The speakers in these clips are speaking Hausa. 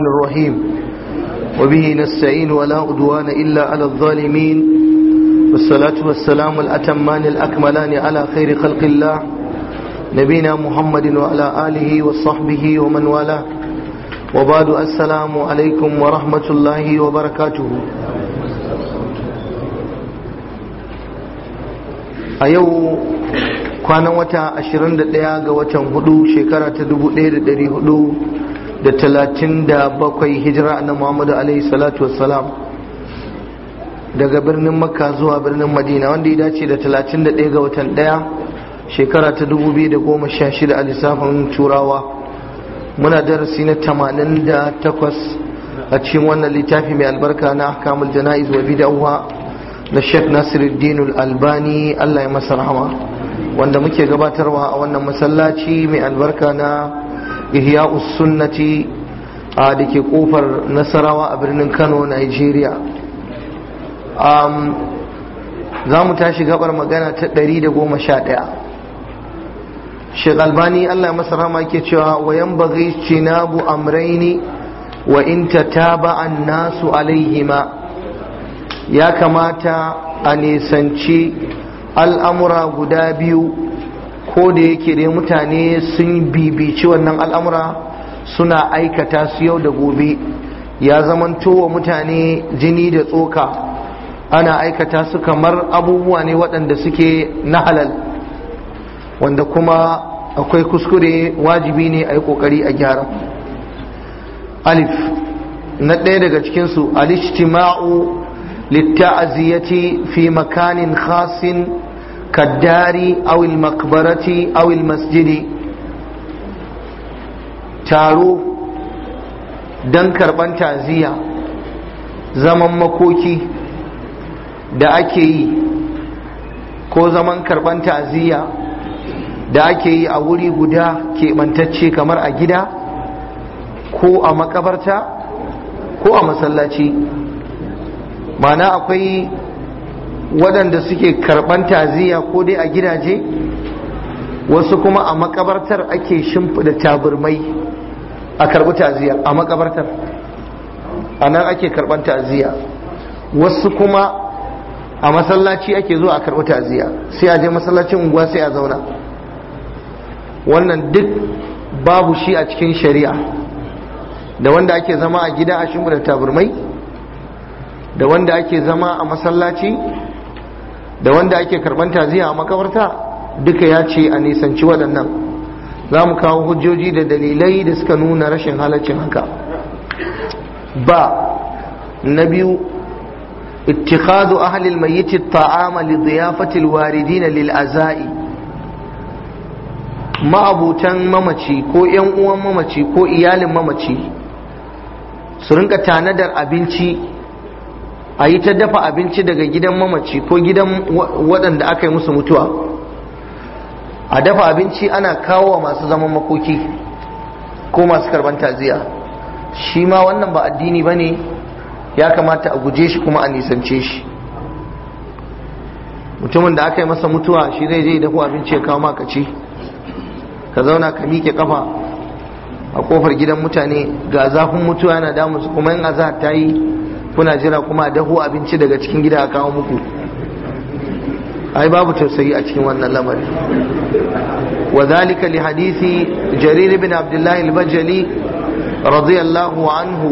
الرحمن الرحيم وبه نستعين ولا عدوان إلا على الظالمين والصلاة والسلام الأتمان الأكملان على خير خلق الله نبينا محمد وعلى آله وصحبه ومن والاه وبعد السلام عليكم ورحمة الله وبركاته a yau kwanan wata 21 ga watan hudu shekara ta 1400 da talatin da bakwai hijira na muhammadu alaihi salatu wasalam daga birnin makka zuwa birnin madina wanda ya dace da talatin da ɗaya ga watan ɗaya shekara ta dubu biyu da goma sha shida a lissafin turawa muna darasi na tamanin da takwas a cikin wannan littafi mai albarka na kamul jana'iz wa bid'awa na sheikh nasiruddin albani allah ya masa rahama wanda muke gabatarwa a wannan masallaci mai albarka na ihya'us sunnati a da ke kofar nasarawa a birnin kano nigeria um, za mu tashi gabar magana ta 111 shek albani allah masa rama ke cewa wayan bagai cinabu amraini wa in an nasu alaihima ya kamata a nisanci al'amura guda biyu ko da yake dai mutane sun bibici wannan al'amura suna aikata su yau da gobe ya zamanto wa mutane jini da tsoka ana aikata su kamar abubuwa ne waɗanda suke na halal wanda kuma akwai kuskure wajibi ne a yi ƙoƙari a gyara alif na ɗaya daga cikinsu alishtima'u litta'aziyati fi makanin khasin كالدار أو المقبرة أو المسجد تارو don karban taziya zaman makoki da ake yi ko zaman karban taziya da ake yi a wuri guda keɓantacce kamar a gida ko a makabarta ko a masallaci mana akwai waɗanda suke karɓar taziya ko dai a gidaje wasu kuma a makabartar ake shimfiɗa taburmai a karɓi taziya a makabartar a nan ake karɓar taziya wasu kuma a masallaci ake zuwa a karɓi taziya sai a je masallacin unguwa sai a zauna wannan duk babu shi a cikin shari'a da wanda ake zama a gida a shimfiɗa taburmai da wanda ake zama a masallaci da wanda ake karban taziya a makabarta duka ya ce a nisanci waɗannan za mu kawo hujjoji da dalilai da suka nuna rashin halaccin haka ba na biyu اتخاذ أهل الميت الطعام لضيافة الواردين للأزائي ma'abutan mamaci ko 'yan uwan mamaci ko iyalin mamaci su rinka tanadar abinci a yi ta dafa abinci daga gidan mamaci ko gidan waɗanda aka yi musu mutuwa a dafa abinci ana kawo masu zaman makoki ko masu karban taziya shi ma wannan ba addini ba ne ya kamata a guje shi kuma a nisance shi mutumin da aka yi masa mutuwa shi zai je dafa abinci ya kawo maka ci ka zauna ka miƙe kafa a kofar gidan mutane ga zafin mutuwa yana su, kuma yin azahar ta yi kuna jira kuma a dahu abinci daga cikin gida a kawo muku ai babu tausayi a cikin wannan lamari wa zalika li hadisi jarir ibn abdullah al-bajali radiyallahu anhu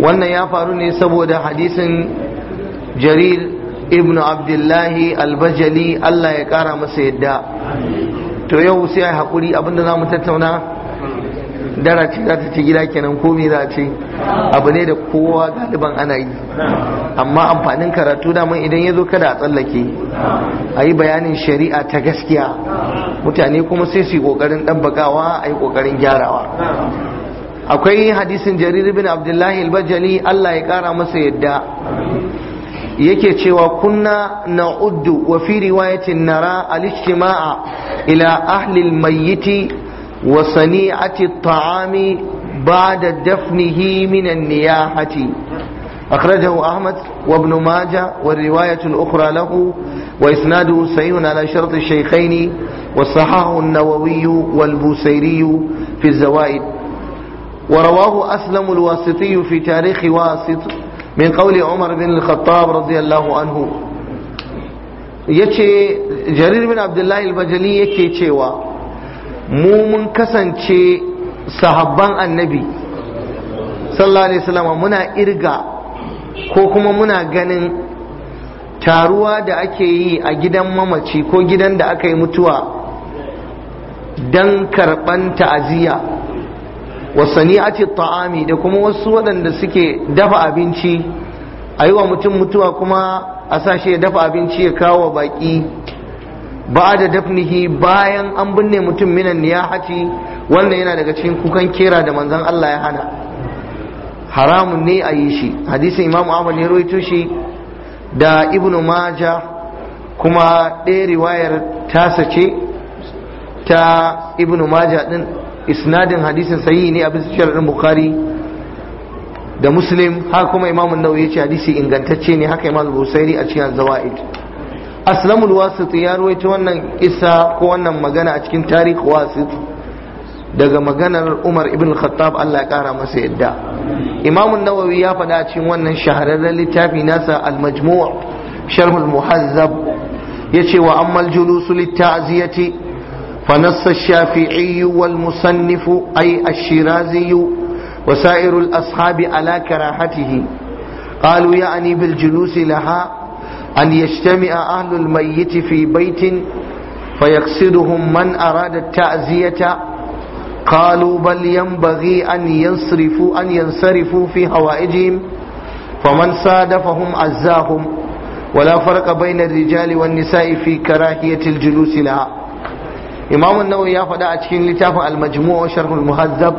wannan ya faru ne saboda hadisin jarir ibn abdullah al-bajali Allah ya kara masa yadda to yau sai ai hakuri abinda zamu tattauna dara ce za ta ci gida kenan ko me za a ce abu ne da kowa galiban ana yi amma amfanin karatu daman idan ya zo kada a tsallake a yi bayanin shari'a ta gaskiya mutane kuma sai su yi ƙoƙarin ɗabbakawa a yi ƙoƙarin gyarawa akwai hadisin jarir bin abdullahi albajali allah ya kara masa yadda yake cewa kunna na uddu wa fi riwayatin nara al ila ahli al-mayyiti وصنيعة الطعام بعد دفنه من النياحة أخرجه أحمد وابن ماجه والرواية الأخرى له وإسناده صحيح على شرط الشيخين وصححه النووي والبوسيري في الزوائد ورواه أسلم الواسطي في تاريخ واسط من قول عمر بن الخطاب رضي الله عنه يتشي جرير بن عبد الله البجلي يكي تشيوا mu mun kasance sahabban annabi sallallahu alaihi wasallam muna irga ko kuma muna ganin taruwa da ake yi a gidan mamaci ko gidan da aka yi mutuwa don karɓan ta'aziyya wa sani'ati ta'ami da kuma wasu waɗanda suke dafa abinci a yi wa mutum mutuwa kuma a sashe ya dafa abinci ya kawo baƙi ba'da dafnihi bayan an binne mutum minan niyahati wannan yana daga cikin kukan kera da manzon Allah ya hana haramun ne a yi shi hadisin Imam Ahmad ya rawaito shi da Ibn maja kuma ɗaya riwayar tasa ce ta ibnu maja din isnadin hadisin sahihi ne a bisa Bukhari da Muslim haka kuma imamu Nawawi ya ce hadisi ingantacce ne haka imamu Busairi a cikin Zawaid aslamul wasit ya ruwaita wannan isa ko wannan magana a cikin tarihi wasit daga maganar umar ibn khattab allah ya kara masa yadda imamun nawawi ya faɗa a cikin wannan shahararren littafi nasa al-majmu' sharh al-muhazzab yace wa amma al-julus lit-ta'ziyati fa nassa ash-shafi'i wal musannif ay ash-shirazi wa sa'iru al-ashabi ala karahatihi qalu ya'ni bil julusi laha أن يجتمع أهل الميت في بيت فيقصدهم من أراد التعزية قالوا بل ينبغي أن ينصرفوا أن ينصرفوا في هوائجهم فمن صادفهم عزاهم ولا فرق بين الرجال والنساء في كراهية الجلوس لها إمام النووي يا فدا أتكين لتافع المجموع وشرح المهذب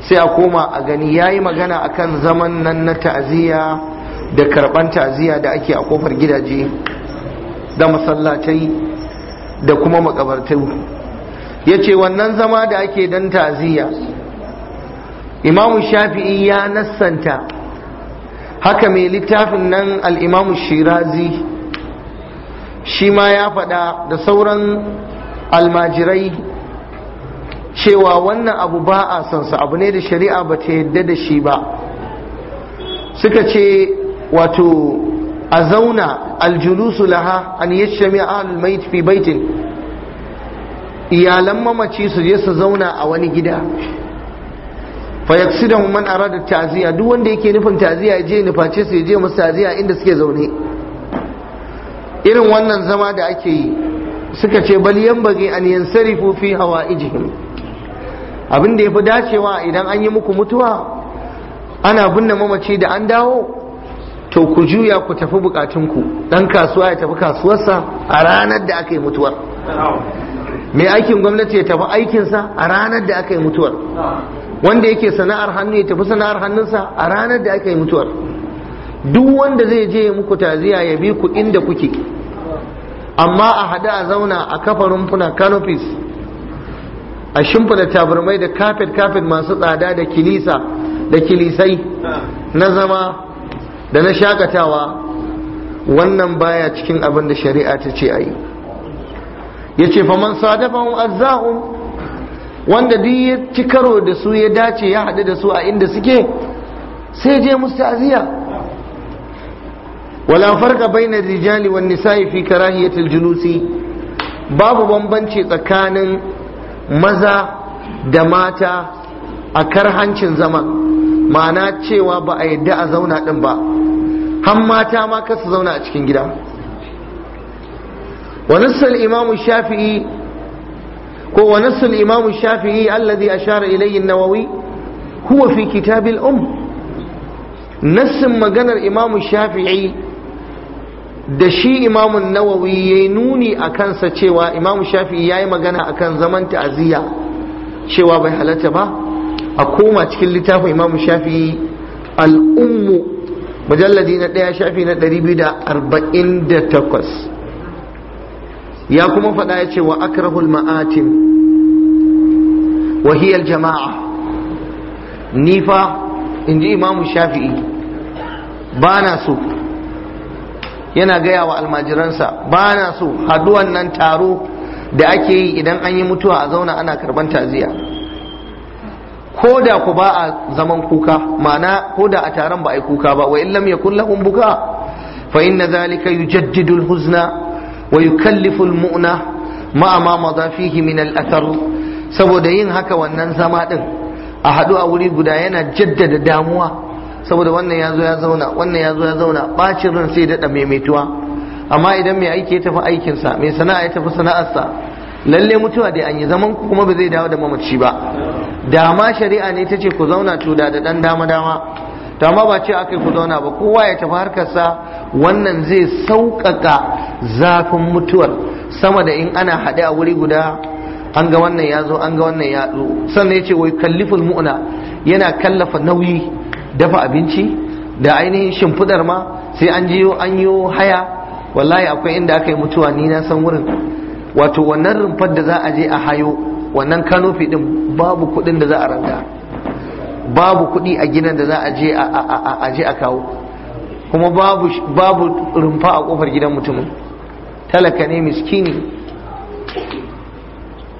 سيقوم أغنياي مغنى أكن زمن التعزية da karban ta'aziyya da ake a kofar gidaje da masallatai da kuma ya ce wannan zama da ake dan ta'aziyya imamu shafi'i ya nassanta haka mai littafin nan al'imamu shirazi shi ma ya faɗa da sauran almajirai cewa wannan abu ba a sansa abu ne da shari'a ba ta yadda da shi ba suka ce wato a zauna aljulusu laha an yashami ahlul fi baitin iyalan mamaci su je su zauna a wani gida fa yaksidahu man arada ta'ziya duk wanda yake nufin ta'ziya ya je nuface su ya je masu ta'ziya inda suke zaune irin wannan zama da ake yi suka ce bal bage an sarifu fi ijihim abin da fi dacewa idan an yi muku mutuwa ana binne mamaci da an dawo to ku juya ku tafi bukatun ku. dan kasuwa ya tafi kasuwarsa a ranar da aka yi mutuwar mai aikin gwamnati ya tafi aikinsa a ranar da aka yi mutuwar wanda yake sana'ar hannu ya tafi sana'ar hannunsa a ranar da aka yi mutuwar duk wanda zai je ya muku taziya ya bi ku inda kuke amma a hada a zauna a kafa rumfuna canopies a shimfida tabarmai da kafet kafet masu tsada da kilisa da kilisai na zama da na shakatawa wannan baya cikin abin da shari'a ta ce a yi ya ce faman sadafahun azza'un wanda duk ya ci karo da su ya dace ya haɗu da su a inda suke sai je musu ta'aziyya wala farka bainar rijali wan nisa'i fi karahiyatil julusi babu bambanci tsakanin maza da mata a karhancin zaman. ma'ana cewa ba a yadda a zauna din ba han mata ma su zauna a cikin gida wa nassal imamu shafi'i ko wa nassal imamu shafi'i alladhi ashara ilayhi an-nawawi huwa fi kitab um nassin maganar imamu shafi'i da shi imamun nawawi ya nuni a kansa cewa imamu shafi'i ya yi magana akan zaman ta'aziyya cewa bai halatta ba a koma cikin littafin imam shafi al'ummu majalladi na ɗaya shafi na ɗari biyu da arba'in da takwas ya kuma faɗa ya ce wa akrahul ma'atin wahiyar jama'a nifa in ji Imam shafi'i ba na so yana gaya wa almajiransa ba na so haduwan nan taro da ake yi idan an yi mutuwa a zauna ana karban taziya ko da ku ba a zaman kuka ma'ana ko da a taron ba a yi kuka ba wa illam yakun lahum buka fa inna zalika yujaddidu al-huzna wa yukallifu al-mu'na ma'a ma madha fihi min al saboda yin haka wannan zama din a haɗu a wuri guda yana jaddada damuwa saboda wannan ya ya zauna wannan ya ya zauna bacin ran sai da maimaituwa amma idan mai aiki ya tafi sa. mai sana'a ya tafi sana'arsa lalle mutuwa dai an yi zaman kuma ba zai dawo da mamaci ba dama shari'a ne ta ce ku zauna cuda da ɗan dama dama to amma ba ce aka ku zauna ba kowa ya tafi harkarsa wannan zai sauƙaƙa zafin mutuwar sama da in ana haɗe a wuri guda an ga wannan ya zo an ga wannan ya zo sannan ya ce wai kalliful mu'na yana kallafa nauyi dafa abinci da ainihin shimfidar ma sai an jiyo an yi haya wallahi akwai inda aka yi mutuwa ni na san wurin wato wannan rumfar da za a je a hayo wannan kanofi din babu kuɗin da za a ranga babu kuɗi a gidan da za a je a a kawo kuma babu rumfa a kofar gidan mutumin talaka ne miskini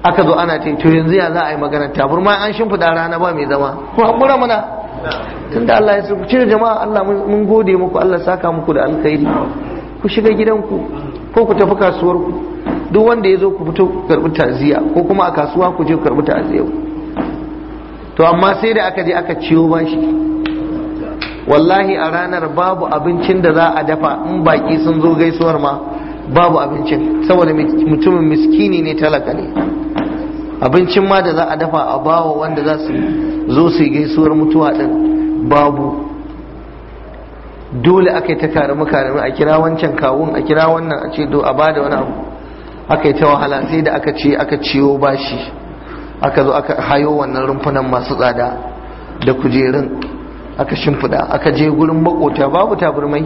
aka zo ana ce to yanzu ya za a yi magana ma an shimfiɗa rana ba mai zama ku haƙura mana tunda Allah ya cire jama'a Allah mun gode muku Allah saka muku da alkhairi ku shiga gidanku ko ku tafi kasuwar ku duk wanda ya zo ku fito ku karɓi taziya ko kuma a kasuwa ku je ku karɓi taziya to amma sai da aka je aka ciyo bashi wallahi a ranar babu abincin da za a dafa in baki sun zo gaisuwar ma babu abincin saboda mutumin miskini ne talaka ne abincin ma da za a dafa a bawa wanda za su zo su gaisuwar mutuwa din babu dole aka yi ta karami karami a kira wancan kawun a kira wannan a ce do a bada wani abu aka yi ta wahala sai da aka ce aka ciwo bashi aka zo aka hayo wannan rumfunan masu tsada da kujerun aka shimfiɗa aka je gurin makota babu taburmai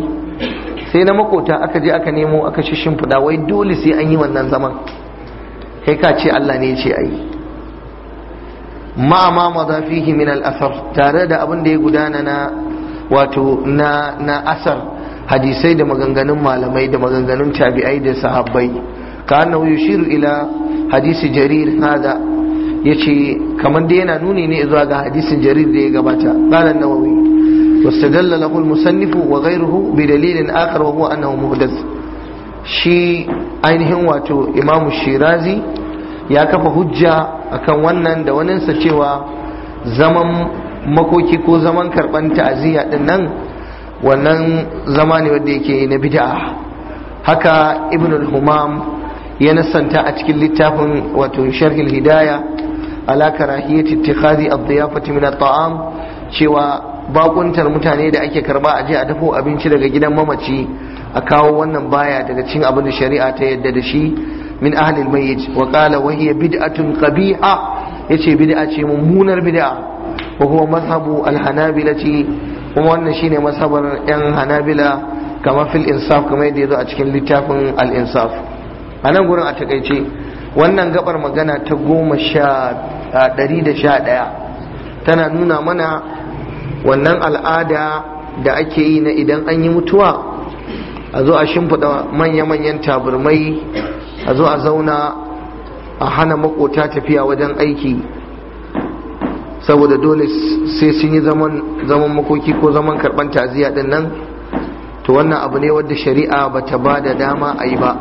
sai na makota aka je aka nemo aka shi shimfiɗa wai dole sai an yi wannan zaman kai ka ce Allah ne ce ai ma ma mazafihi min al-asar tare da abin da ya gudana na wato na na asar hadisai da maganganun malamai da maganganun tabi'ai da sahabbai ka annahu yushiru ila hadisi jarir hada yace kamar da yana nuni ne zuwa ga hadisin jarir da ya gabata qala an-nawawi wa له bi dalilin بدليل wa وهو أنه مهدث shi ainihin wato imamu shirazi ya kafa hujja akan wannan da waninsa cewa zaman makoki ko zaman karban ta'aziyya din nan wannan zama ne wanda yake na bid'a haka ibn al-humam ya nasanta a cikin littafin wato sharhil hidaya ala karahiyati ittikhadi ad-diyafati min at-ta'am cewa bakuntar mutane da ake karba a je a dafo abinci daga gidan mamaci a kawo wannan baya daga cin abin da shari'a ta yadda da shi min ahlil mayyit wa qala wa hiya bid'atun qabiha yace bid'a ce mummunar bid'a wa huwa mazhabu al-hanabilati kuma wannan shine mazhabar yan hanabila kamar fil insaf kamar yadda yazo a cikin littafin al-insaf a nan gurin a takaice wannan gabar magana ta goma sha ɗari da sha ɗaya tana nuna mana wannan al'ada da ake yi na idan an yi mutuwa a zo a shimfiɗa manya-manyan taburmai a zo a zauna a hana makota tafiya wajen aiki saboda dole sai sun yi zaman makoki ko zaman karban taziya din nan to wannan abu ne wadda shari'a ba ta ba da dama a yi ba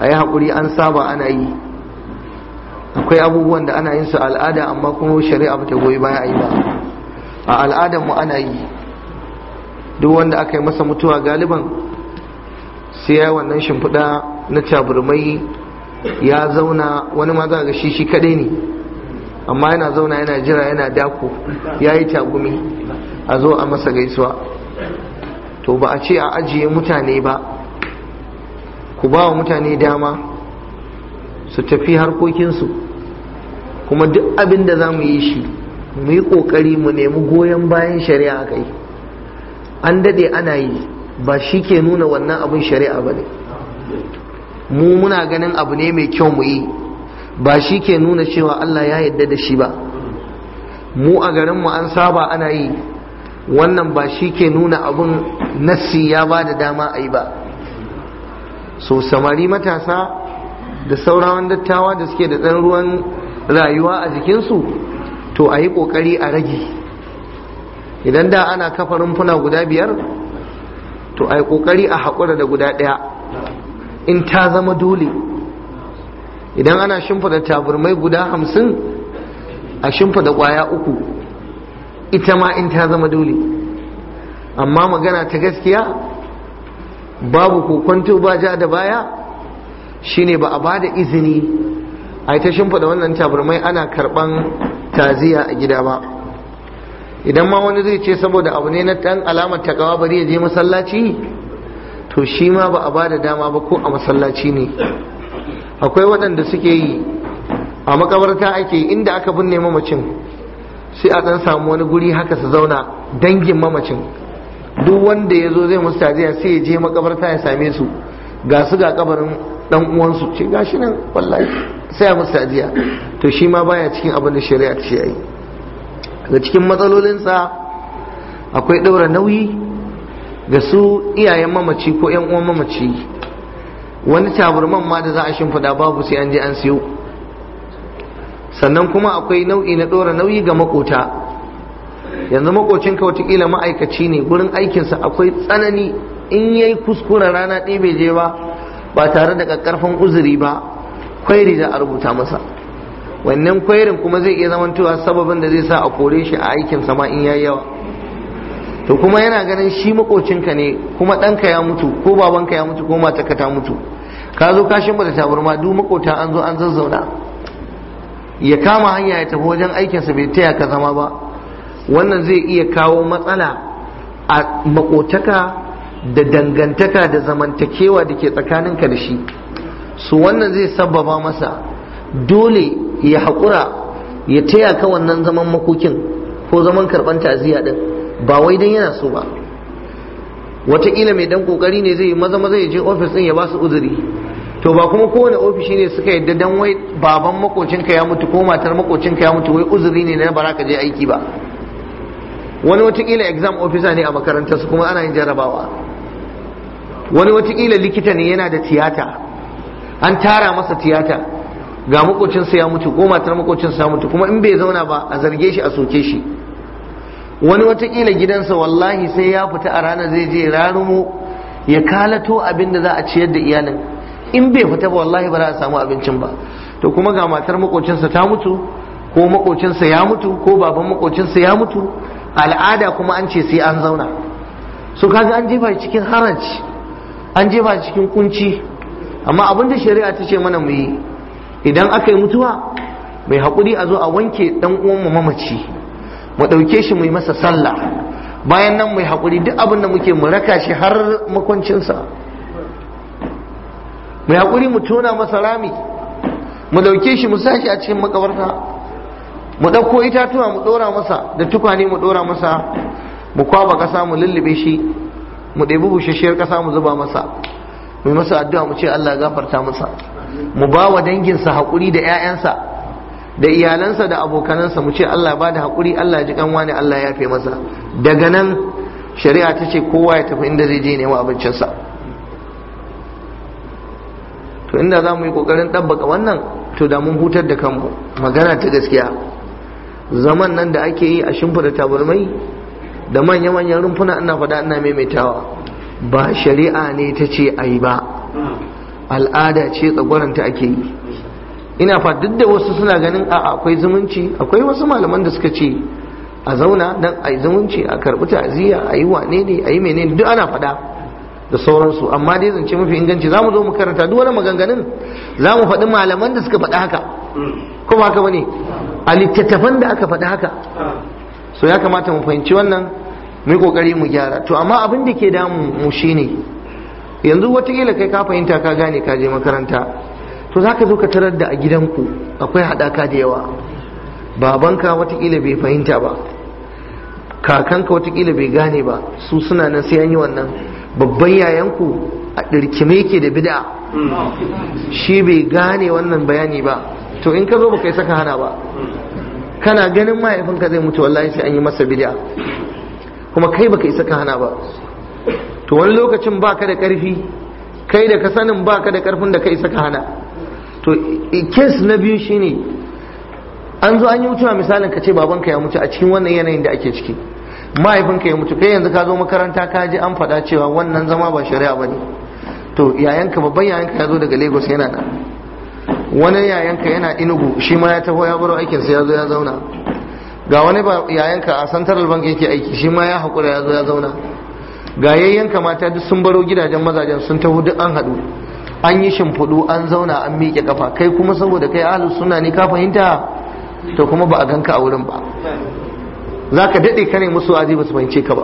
a yi haƙuri an saba ana yi akwai abubuwan da ana yin su al'ada amma kuma shari'a ba ta goyi baya a yi ba a al'adar mu ana yi duk wanda aka yi masa mutuwa galiban sai ya wannan shimfiɗa na taburmai ya zauna wani ma za ga shi shi kaɗai ne amma yana zauna yana jira yana dako ya yi tagumi a zo a masa gaisuwa to ba a ce a ajiye mutane ba ku ba wa mutane dama su tafi harkokinsu kuma duk abin da za mu yi shi mu yi ƙoƙari mu nemi goyon bayan shari'a kai an daɗe ana yi ba shi ke nuna wannan abin shari'a ba ne mu muna ganin abu ne mai kyau mu yi ba shi ke nuna cewa Allah ya yarda da shi ba mu a garinmu an saba ana yi wannan ba shi ke nuna abun nassi ya ba da dama a ba so samari matasa da saurawan dattawa da suke da ɗan ruwan rayuwa a jikinsu to a yi ƙoƙari a rage idan da ana kafa rumfuna guda biyar to a yi ƙoƙari a haƙura da guda ɗaya in ta zama dole idan ana shimfada taburmai guda hamsin a shimfada kwaya uku ita ma in ta zama dole amma magana ta gaskiya babu kokonto ba ja da baya shine ba a ba da izini a ta shimfada wannan taburmai ana karban taziya a gida ba idan ma wani zai ce saboda abu ne na ɗan alamar takawa bari ya je masallaci to shi ma ba a ba da dama ba ko a masallaci ne akwai waɗanda suke yi a makabarta ake inda aka binne mamacin sai a ɗan samu wani guri haka su zauna dangin mamacin duk wanda ya zo zai musu taziya sai ya je makabarta ya same su ga su ga kabarin ɗan uwansu ce gashi nan wallahi sai ya musu taziya to shi ma baya cikin abin da shari'a ta ya yi. daga cikin matsalolinsa akwai ɗaura nauyi ga su iyayen mamaci ko 'yan uwan mamaci wani taburman ma da za a shimfiɗa babu sai an je an siyo sannan kuma akwai nau'i na ɗora nauyi ga makota yanzu makocinka watakila ma'aikaci ne gurin aikinsa akwai tsanani in ya yi kuskure rana ɗaya bai je ba ba tare da ƙaƙƙarfan uzuri ba kwairi za a rubuta masa wannan kwairin kuma zai iya zamantowa sababin da zai sa a kore shi a aikinsa ma in yayi yawa to kuma yana ganin shi makocinka ne kuma ɗanka ya mutu ko babanka ya mutu ko ka ta mutu ka zo ka shimba da tabarma duk makota an zo an zazzauna ya kama hanya ya tafi wajen aikinsa bai taya ka zama ba wannan zai iya kawo matsala a makotaka da dangantaka da zamantakewa da ke tsakaninka da shi su wannan zai sabbaba masa dole ya haƙura ya taya ka wannan zaman makokin ko zaman karɓar ta'aziyya ɗin ba wai dan yana so ba wataƙila mai dan kokari ne zai yi maza maza ya je ofis ɗin ya ba su uzuri to ba kuma kowane ofishi ne suka yadda dan wai baban makocinka ya mutu ko matar makocinka ya mutu wai uzuri ne na bara ka je aiki ba wani wataƙila exam officer ne a makarantar su kuma ana yin jarabawa wani watakila likita ne yana da tiyata an tara masa tiyata ga makocinsa ya mutu ko matar makocinsa ya mutu kuma in bai zauna ba a zarge shi a soke shi wani watakila gidansa wallahi sai ya fita a ranar zai je rarumo ya kalato abin da za a ciyar da iyalin in bai fita ba wallahi ba za a samu abincin ba to kuma ga matar makocinsa ta mutu ko makocinsa ya mutu ko baban makocinsa ya mutu al'ada kuma an ce sai an zauna so kaga an jefa cikin haraci an jefa cikin kunci amma abin da shari'a ta ce mana mu idan aka yi mutuwa mai haƙuri a zo a wanke ɗan uwan mu mamaci mu ɗauke shi mu yi masa sallah bayan nan mu yi haƙuri duk abin da muke mu raka shi har makwancinsa mu hakuri mu tona masa rami mu ɗauke shi mu sashi a cikin makabarta mu ɗauko itatuwa mu ɗora masa da tukwane mu ɗora masa mu kwaba ƙasa mu lullube shi mu ɗebi bushashiyar ƙasa mu zuba masa mu yi masa addu'a mu ce Allah gafarta masa mu ba wa danginsa haƙuri da 'ya'yansa da iyalansa da abokanansa mu ce Allah ba da haƙuri Allah ji kanwa ne Allah ya fi masa daga nan shari'a ta ce kowa ya tafi inda zai je nema abincinsa to inda za mu yi ƙoƙarin ɗabbaka wannan to da mun hutar da kanmu magana ta gaskiya zaman nan da ake yi a shimfida tabarmai, da manya-manyan rumfuna ina faɗa ina maimaitawa ba shari'a ne ta ce a yi ba al'ada ce tsagwaranta ake yi ina fa duk da wasu suna ganin a akwai zumunci akwai wasu malaman da suka ce a zauna dan a zumunci a karɓi ta'aziyya a yi wane ne a yi menene duk ana faɗa da sauransu amma dai zance mafi inganci za mu zo mu karanta duk wani maganganun za mu faɗi malaman da suka faɗi haka kuma haka bane a littattafan da aka faɗi haka so ya kamata mu fahimci wannan mu yi kokari mu gyara to amma abin da ke damu mu shine yanzu watakila kai ka fahimta ka gane ka je makaranta to za ka zo ka tarar da a gidanku akwai haɗaka da yawa babanka watakila bai fahimta ba kakanka watakila bai gane ba su suna nan sai an yi wannan babban yayanku a ɗirkime yake da bida shi bai gane wannan bayani ba to in ka zo ba kai saka hana ba kana ganin mahaifinka zai mutu wallahi sai an yi masa bida kuma kai baka isa ka hana ba to wani lokacin ba ka da ƙarfi? kai da ka sanin ba ka da ƙarfin da kai isa ka hana to kes na biyu shine an zo an yi mutuwa misalin ka ce babanka ya mutu a cikin wannan yanayin da ake ciki mahaifinka ya mutu kai yanzu ka zo makaranta ka ji an faɗa cewa wannan zama ba shari'a ba ne to yayanka babban yayanka ya zo daga lagos yana nan wani yayanka yana inugu shi ma ya taho ya baro aikinsa ya zo ya zauna ga wani ba yayanka a central bank yake aiki shi ma ya haƙura ya zo ya zauna ga yayyanka mata duk sun baro gidajen mazajen sun taho duk an haɗu an yi shimfiɗu an zauna an miƙe kafa kai kuma saboda kai ahlus sunna ne ka fahimta to kuma ba a ganka a wurin ba za ka daɗe ka ne musu aji ba su fahimce ka ba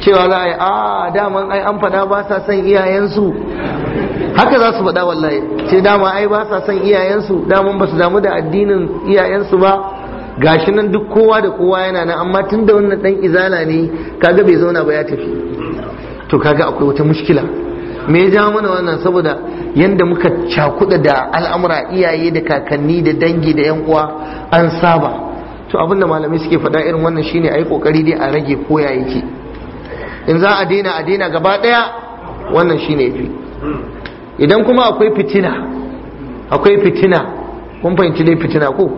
cewa za a yi a ah, daman ai an faɗa ba sa son iyayensu haka za su faɗa wallahi ce dama ai ba sa son iyayensu daman ba su damu da addinin iyayensu ba gashi nan duk kowa da kowa yana nan amma tun da wannan ɗan izala ne kaga bai zauna ba ya tafi to kaga akwai wata mushkila me ya ja mana wannan saboda yadda muka cakuda da al'amura iyaye da kakanni da dangi da yan uwa an saba to abin da malamai suke faɗa irin wannan shine ayi kokari dai a rage koya yake in za a daina a daina gaba ɗaya wannan shine yafi idan kuma akwai fitina akwai fitina kun fahimci dai fitina ko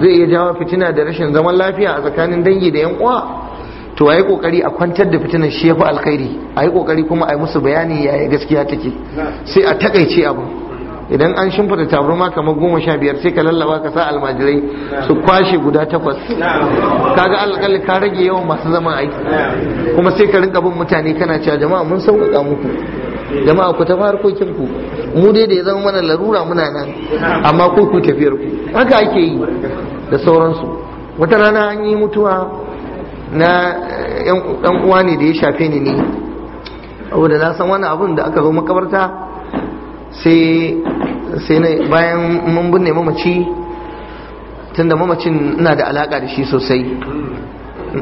zai iya jawo fitina da rashin zaman lafiya a tsakanin dangi da yan uwa to ayi kokari a kwantar da fitinan shi alkhairi ayi kokari kuma ai musu bayani yaya gaskiya take sai a takaice abu idan an shimfida tabarma kamar goma sha biyar sai ka lallaba ka sa almajirai su kwashe guda takwas kaga alƙalli ka rage yawan masu zaman aiki kuma sai ka rinka bin mutane kana cewa jama'a mun sauƙaƙa muku jama'a ku tafi harkokin ku mu dai da ya zama mana larura muna nan amma ku ku tafiyar ku haka ake yi da sauransu wata rana an yi mutuwa na ɗan uwa ne da ya shafe ni ne abu na san wani abun da aka zo makabarta sai sai bayan mun binne mamaci tun da mamacin na da alaƙa da shi sosai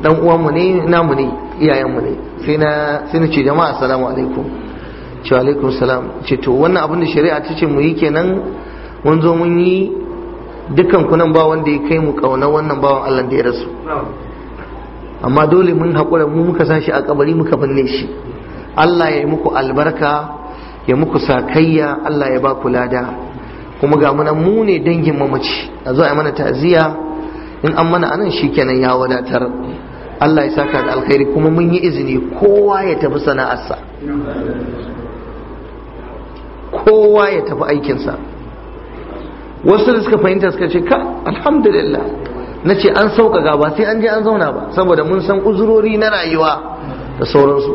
dan uwanmu ne namu ne iyayenmu ne sai na ce jama'a assalamu alaikum ce alaikum salam ce to wannan abin da shari'a ta ce mu yi kenan mun zo mun yi dukkan kunan ba wanda ya kai mu kauna wannan bawan Allah da ya rasu amma dole mun haƙura mu muka sashi a kabari muka binne shi Allah ya yi muku albarka ya muku sakayya Allah ya ba ku lada kuma ga muna mu ne dangin mamaci a zo a mana ta'ziya in an mana anan shi kenan ya wadatar Allah ya saka da alkhairi kuma mun yi izini kowa ya tafi sana'arsa kowa ya tafi aikinsa wasu da suka fahimta suka ce ka alhamdulillah na ce an sauƙaƙa ba sai an je an zauna ba saboda mun san uzurori na rayuwa da sauransu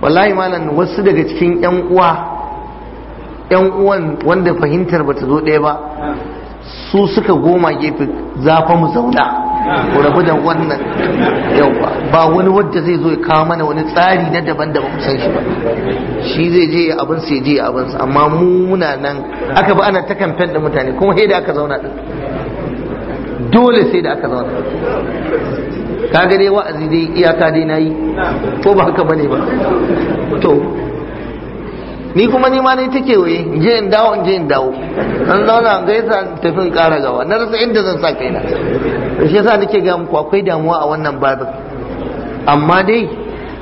wallahi malam wasu daga cikin yan uwa yan uwan wanda fahimtar ba ta zo ɗaya ba su suka goma gefe zafa mu zauna ku rabu da wannan yawa ba wani wadda zai zo ya kawo mana wani tsari na daban da mu san shi ba shi zai je abin sai je abin amma mu muna nan aka ba ana ta kamfen da mutane kuma sai da aka zauna din dole sai da aka zauna ka ga dai wa'azi dai iyaka dai na yi. ko ba haka bane ba to ni kuma nima ne ta kewaye je in dawo in je in dawo an zauna an gaisa tafin kara gawa na rasa inda zan sa kaina shi yasa nake ga muku akwai damuwa a wannan babin amma dai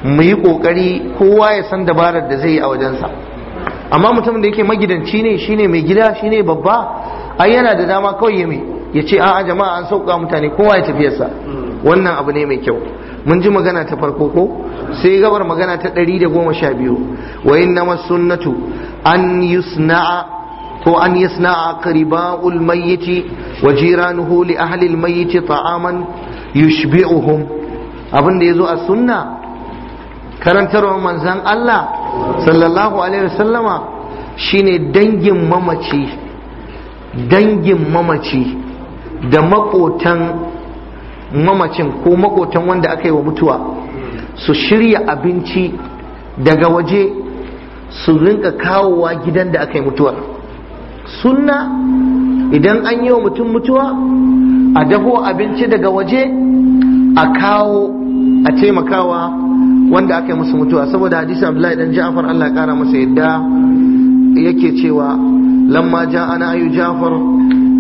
mu yi kokari kowa ya san dabarar da zai yi a wajensa amma mutum da yake magidanci ne shine mai gida shine babba ai yana da dama kawai ya ya ce a'a jama'a an sauka mutane kowa ya tafiyarsa wannan abu ne mai kyau mun ji magana ta farko ko sai gabar magana ta ɗari da goma sha biyu wa sunnatu an yusna'a ko an yi qariba'ul mayyiti wa jiranuhu li ahli al mayyiti ta'aman yushbi'uhum abin da yazo a sunna karantarwa manzon Allah sallallahu alaihi wasallama shine dangin mamaci dangin mamaci da makotan mamacin ko makotan wanda aka yi wa mutuwa su shirya abinci daga waje su rinka kawowa gidan da aka yi mutuwar sunna idan an yi wa mutum mutuwa a dafo abinci daga waje a kawo a taimakawa wanda aka yi musu mutuwa saboda hadisi abdullahi dan ja'far Allah ya kara masa yadda yake cewa لما جاء أي جعفر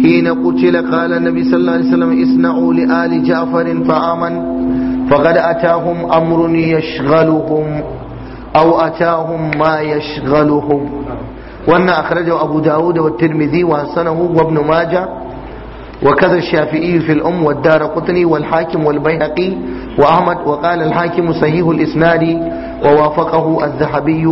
حين قتل قال النبي صلى الله عليه وسلم اصنعوا لآل جعفر طعاما فقد أتاهم أمر يشغلهم أو أتاهم ما يشغلهم وأن أخرجه أبو داود والترمذي وحسنه وابن ماجه وكذا الشافعي في الأم والدار قطني والحاكم والبيهقي وأحمد وقال الحاكم صحيح الإسناد ووافقه الذهبي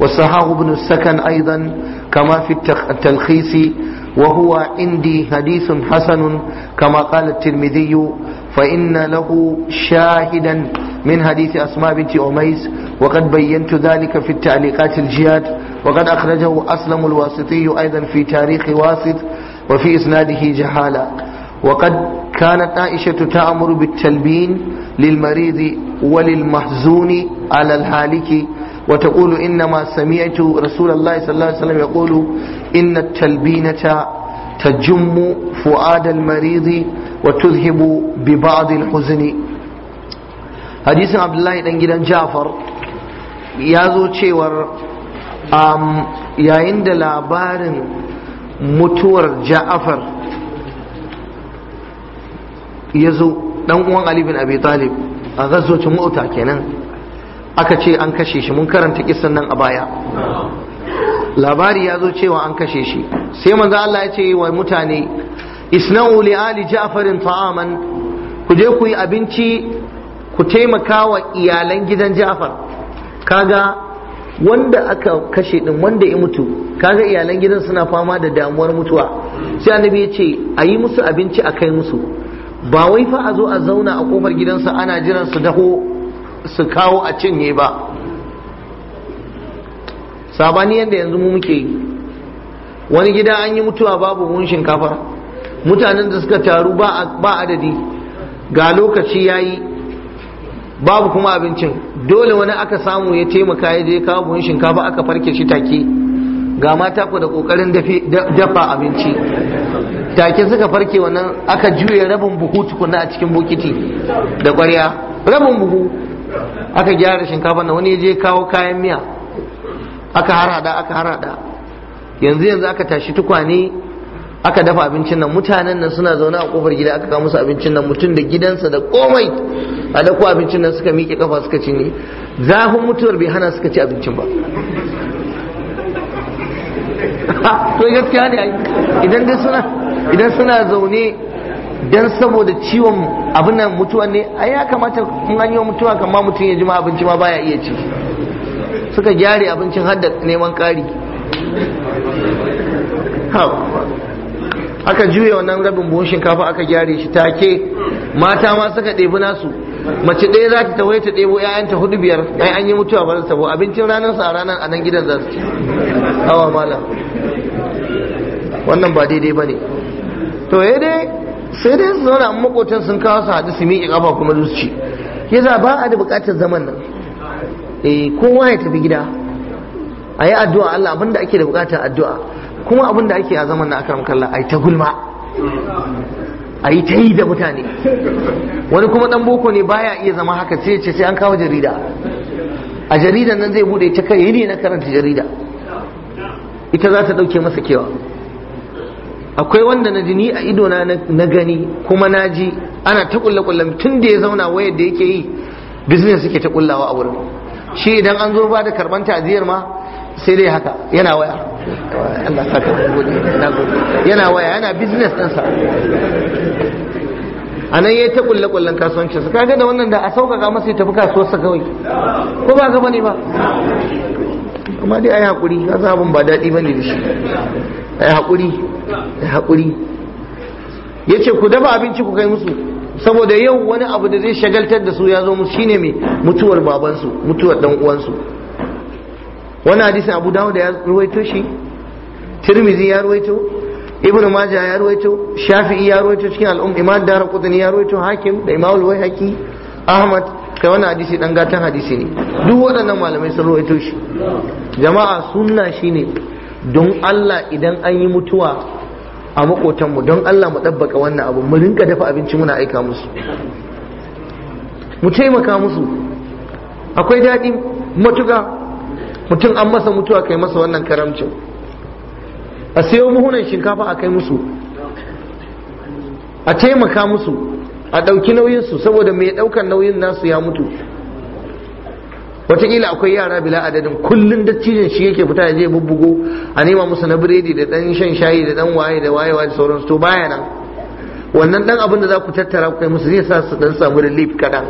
وصحاه ابن السكن أيضا كما في التلخيص وهو عندي حديث حسن كما قال الترمذي فإن له شاهدا من حديث أسماء بنت أميس وقد بينت ذلك في التعليقات الجياد وقد أخرجه أسلم الواسطي أيضا في تاريخ واسط وفي إسناده جهالة وقد كانت عائشة تأمر بالتلبين للمريض وللمحزون على الهالك وتقول إنما سمعت رسول الله صلى الله عليه وسلم يقول إن التلبينة تجم فؤاد المريض وتذهب ببعض الحزن حديث عبد الله بن جدان جعفر يازو cewar um, yayin da labarin mutuwar ja'afar ya zo dan uwan ali bin abi talib a gazzocin mota kenan aka ce an kashe shi mun karanta kisan nan a baya labari ya zo cewa an kashe shi sai manzo Allah ya ce wa mutane isna'u li ali ja'farin ta'aman ku je ku yi abinci ku taimaka wa iyalan gidan ja'far kaga wanda aka kashe din wanda ya mutu kaga iyalan gidan suna fama da damuwar mutuwa sai annabi ya ce a yi musu abinci a kai musu ba wai fa a zo a zauna a kofar gidansa ana jiran su daho su kawo a cinye ba sabani yadda yanzu mu muke yi wani gida an yi mutuwa babu mun shinkafa mutanen da suka taru ba adadi ga lokaci ya yi babu kuma abincin dole wani aka samu ya taimaka ya je kawo mun shinkafa aka farke shi take ga mata ku da kokarin dafa abinci take suka farke wannan aka juya rabin buhu tukuna a cikin bokiti da ƙwarya rabin buhu aka gyara shinkafa na wani ya je kawo kayan miya aka harada aka harada yanzu yanzu aka tashi tukwane aka dafa abincin nan mutanen nan suna zaune a kofar gida aka kawo musu abincin nan mutum da gidansa da komai a dako abincin nan suka miƙe kafa suka ci ne. zafin mutuwar bai hana suka ci abincin ba to gaskiya ne idan dai suna idan suna zaune dan saboda ciwon abin nan mutuwa ne a ya kamata in an yi mutuwa kama mutum ya jima abinci ma baya iya ci suka gyare abincin hadda neman kari aka juya wannan rabin buhun shinkafa aka gyare shi take mata ma suka ɗebi nasu mace ɗaya za ta tawaye ta ɗebo ‘ya'yanta hudu biyar ai an yi mutuwa ba sabo abincin ranar sa ranar a nan gidan za su ci hawa mala wannan ba daidai ba ne to ya eh sai dai su zauna makotan sun kawo su haɗu su miƙe ƙafa kuma su ci za ba a da buƙatar zaman nan eh kowa ya tafi gida a yi addu'a Allah abinda ake da buƙatar addu'a kuma abinda ake a zaman na aka kalla a yi ta gulma a yi ta yi da mutane wani kuma ɗan boko ne baya iya zama haka sai ce sai an kawo jarida a jaridan nan zai buɗe ta kai ne na karanta jarida ita za ta ɗauke masa kewa akwai wanda na ji ni a ido na na gani kuma na ji ana ta kulle kullum tun da ya zauna wayar da yake yi business suke ta kullawa a wurin shi idan an zo ba da karban ta'ziyar ma sai dai haka yana waya Allah saka gode yana waya yana business ɗinsa a nan ya ta kulle kullen kasuwanci su kaga da wannan da a sauƙaƙa masa ya tafi sa kawai ko ba ga bane ba amma dai ai hakuri ka abin ba daɗi bane da shi ya haƙuri ai haƙuri ya ce ku dafa abinci ku kai musu saboda yau wani abu da zai shagaltar da su ya zo musu shine mai mutuwar babansu mutuwar dan uwansu wani hadisin abu da ya ruwaito shi tirmizi ya ruwaito ibnu maja ya ruwaito shafi'i ya ruwaito cikin al'um imam dara qudni ya ruwaito hakim da imam al-waihaqi ahmad kai wani hadisi dan gatan hadisi ne duk waɗannan malamai sun ruwaito shi jama'a sunna shine don Allah idan an yi mutuwa a makotanmu don Allah mu ɗabbaka wannan abu mu rinka dafa abinci muna aika musu mu taimaka musu akwai daɗi matuka mutum an masa mutuwa kai masa wannan karamcin a sayo muhunan shinkafa a kai musu a taimaka musu a ɗauki nauyinsu saboda mai ɗaukan nauyin nasu ya mutu wataƙila akwai yara bila adadin kullum dattijan shi yake fita ya je bubbugo a nema musu na biredi da ɗan shan shayi da ɗan waye da waye waye sauransu to baya nan wannan ɗan abin da za ku tattara ku kai musu zai sa su ɗan samu relief kaɗan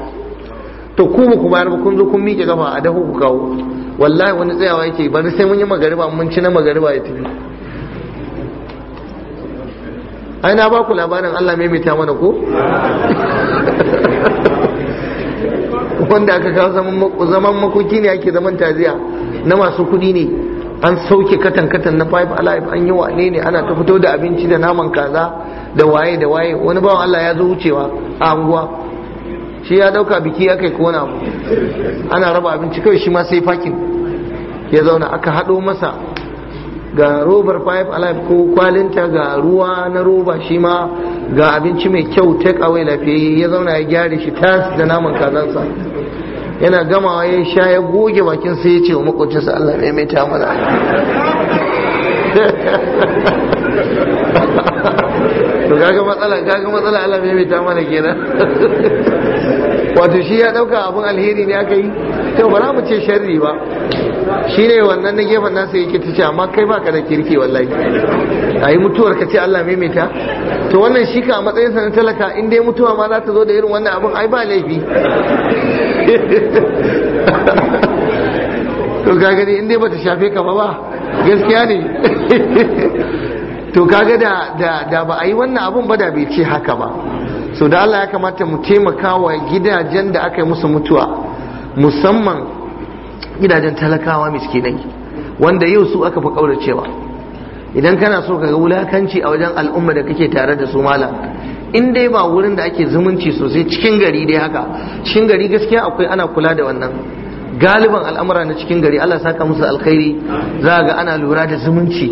to ku ba ku bayar ba kun zo kun miƙe gafa a dafa ku kawo wallahi wani tsayawa yake bari sai mun yi magariba mun ci na magariba ya tafi ai na ba ku labarin Allah mai mita mana ko wanda aka kawo zaman makoki ne ake zaman taziya na masu kuɗi ne an sauke katan katan na five alive an yi wane ne ana ta fito da abinci da naman kaza da waye da waye wani bawan Allah ya zo wucewa a anguwa shi ya dauka biki ya kai kona abu ana raba abinci kawai shi ma sai fakin ya zauna aka haɗo masa ga robar five alive ko kwalinta ga ruwa na roba shi ma ga abinci mai kyau take away lafiyayye ya zauna ya gyara shi tas da naman kazansa yana gamawa ya sha ya goge bakin sai ya ce wa makocinsa Allah mai mai ta mana to gaga matsala gaga matsala Allah mai mai ta kenan wato shi ya dauka abun alheri ne aka yi to ba za mu ce sharri ba shi ne wannan na gefen nasa yake ta ce amma kai baka da kirki wallahi a yi mutuwar ka ce Allah ta to wannan shi ka a matsayinsa na talaka in dai mutuwa ma za ta zo da irin wannan abin ai ba laifi to kaga ne inda bata shafe ka ba ba gaskiya ne to kaga da da ba a yi wannan abun ba da bai ce haka ba so da Allah ya kamata mu taimaka wa gidajen da aka yi musu mutuwa musamman gidajen talakawa miskinai wanda yau su aka fi kauracewa cewa idan kana so ka ga wulakanci a wajen al'umma da kake tare da su malam in dai ba wurin da ake zumunci sosai cikin gari dai haka cikin gari gaskiya akwai ana kula da wannan galiban al'amura na cikin gari Allah saka musu alkhairi za ga ana lura da zumunci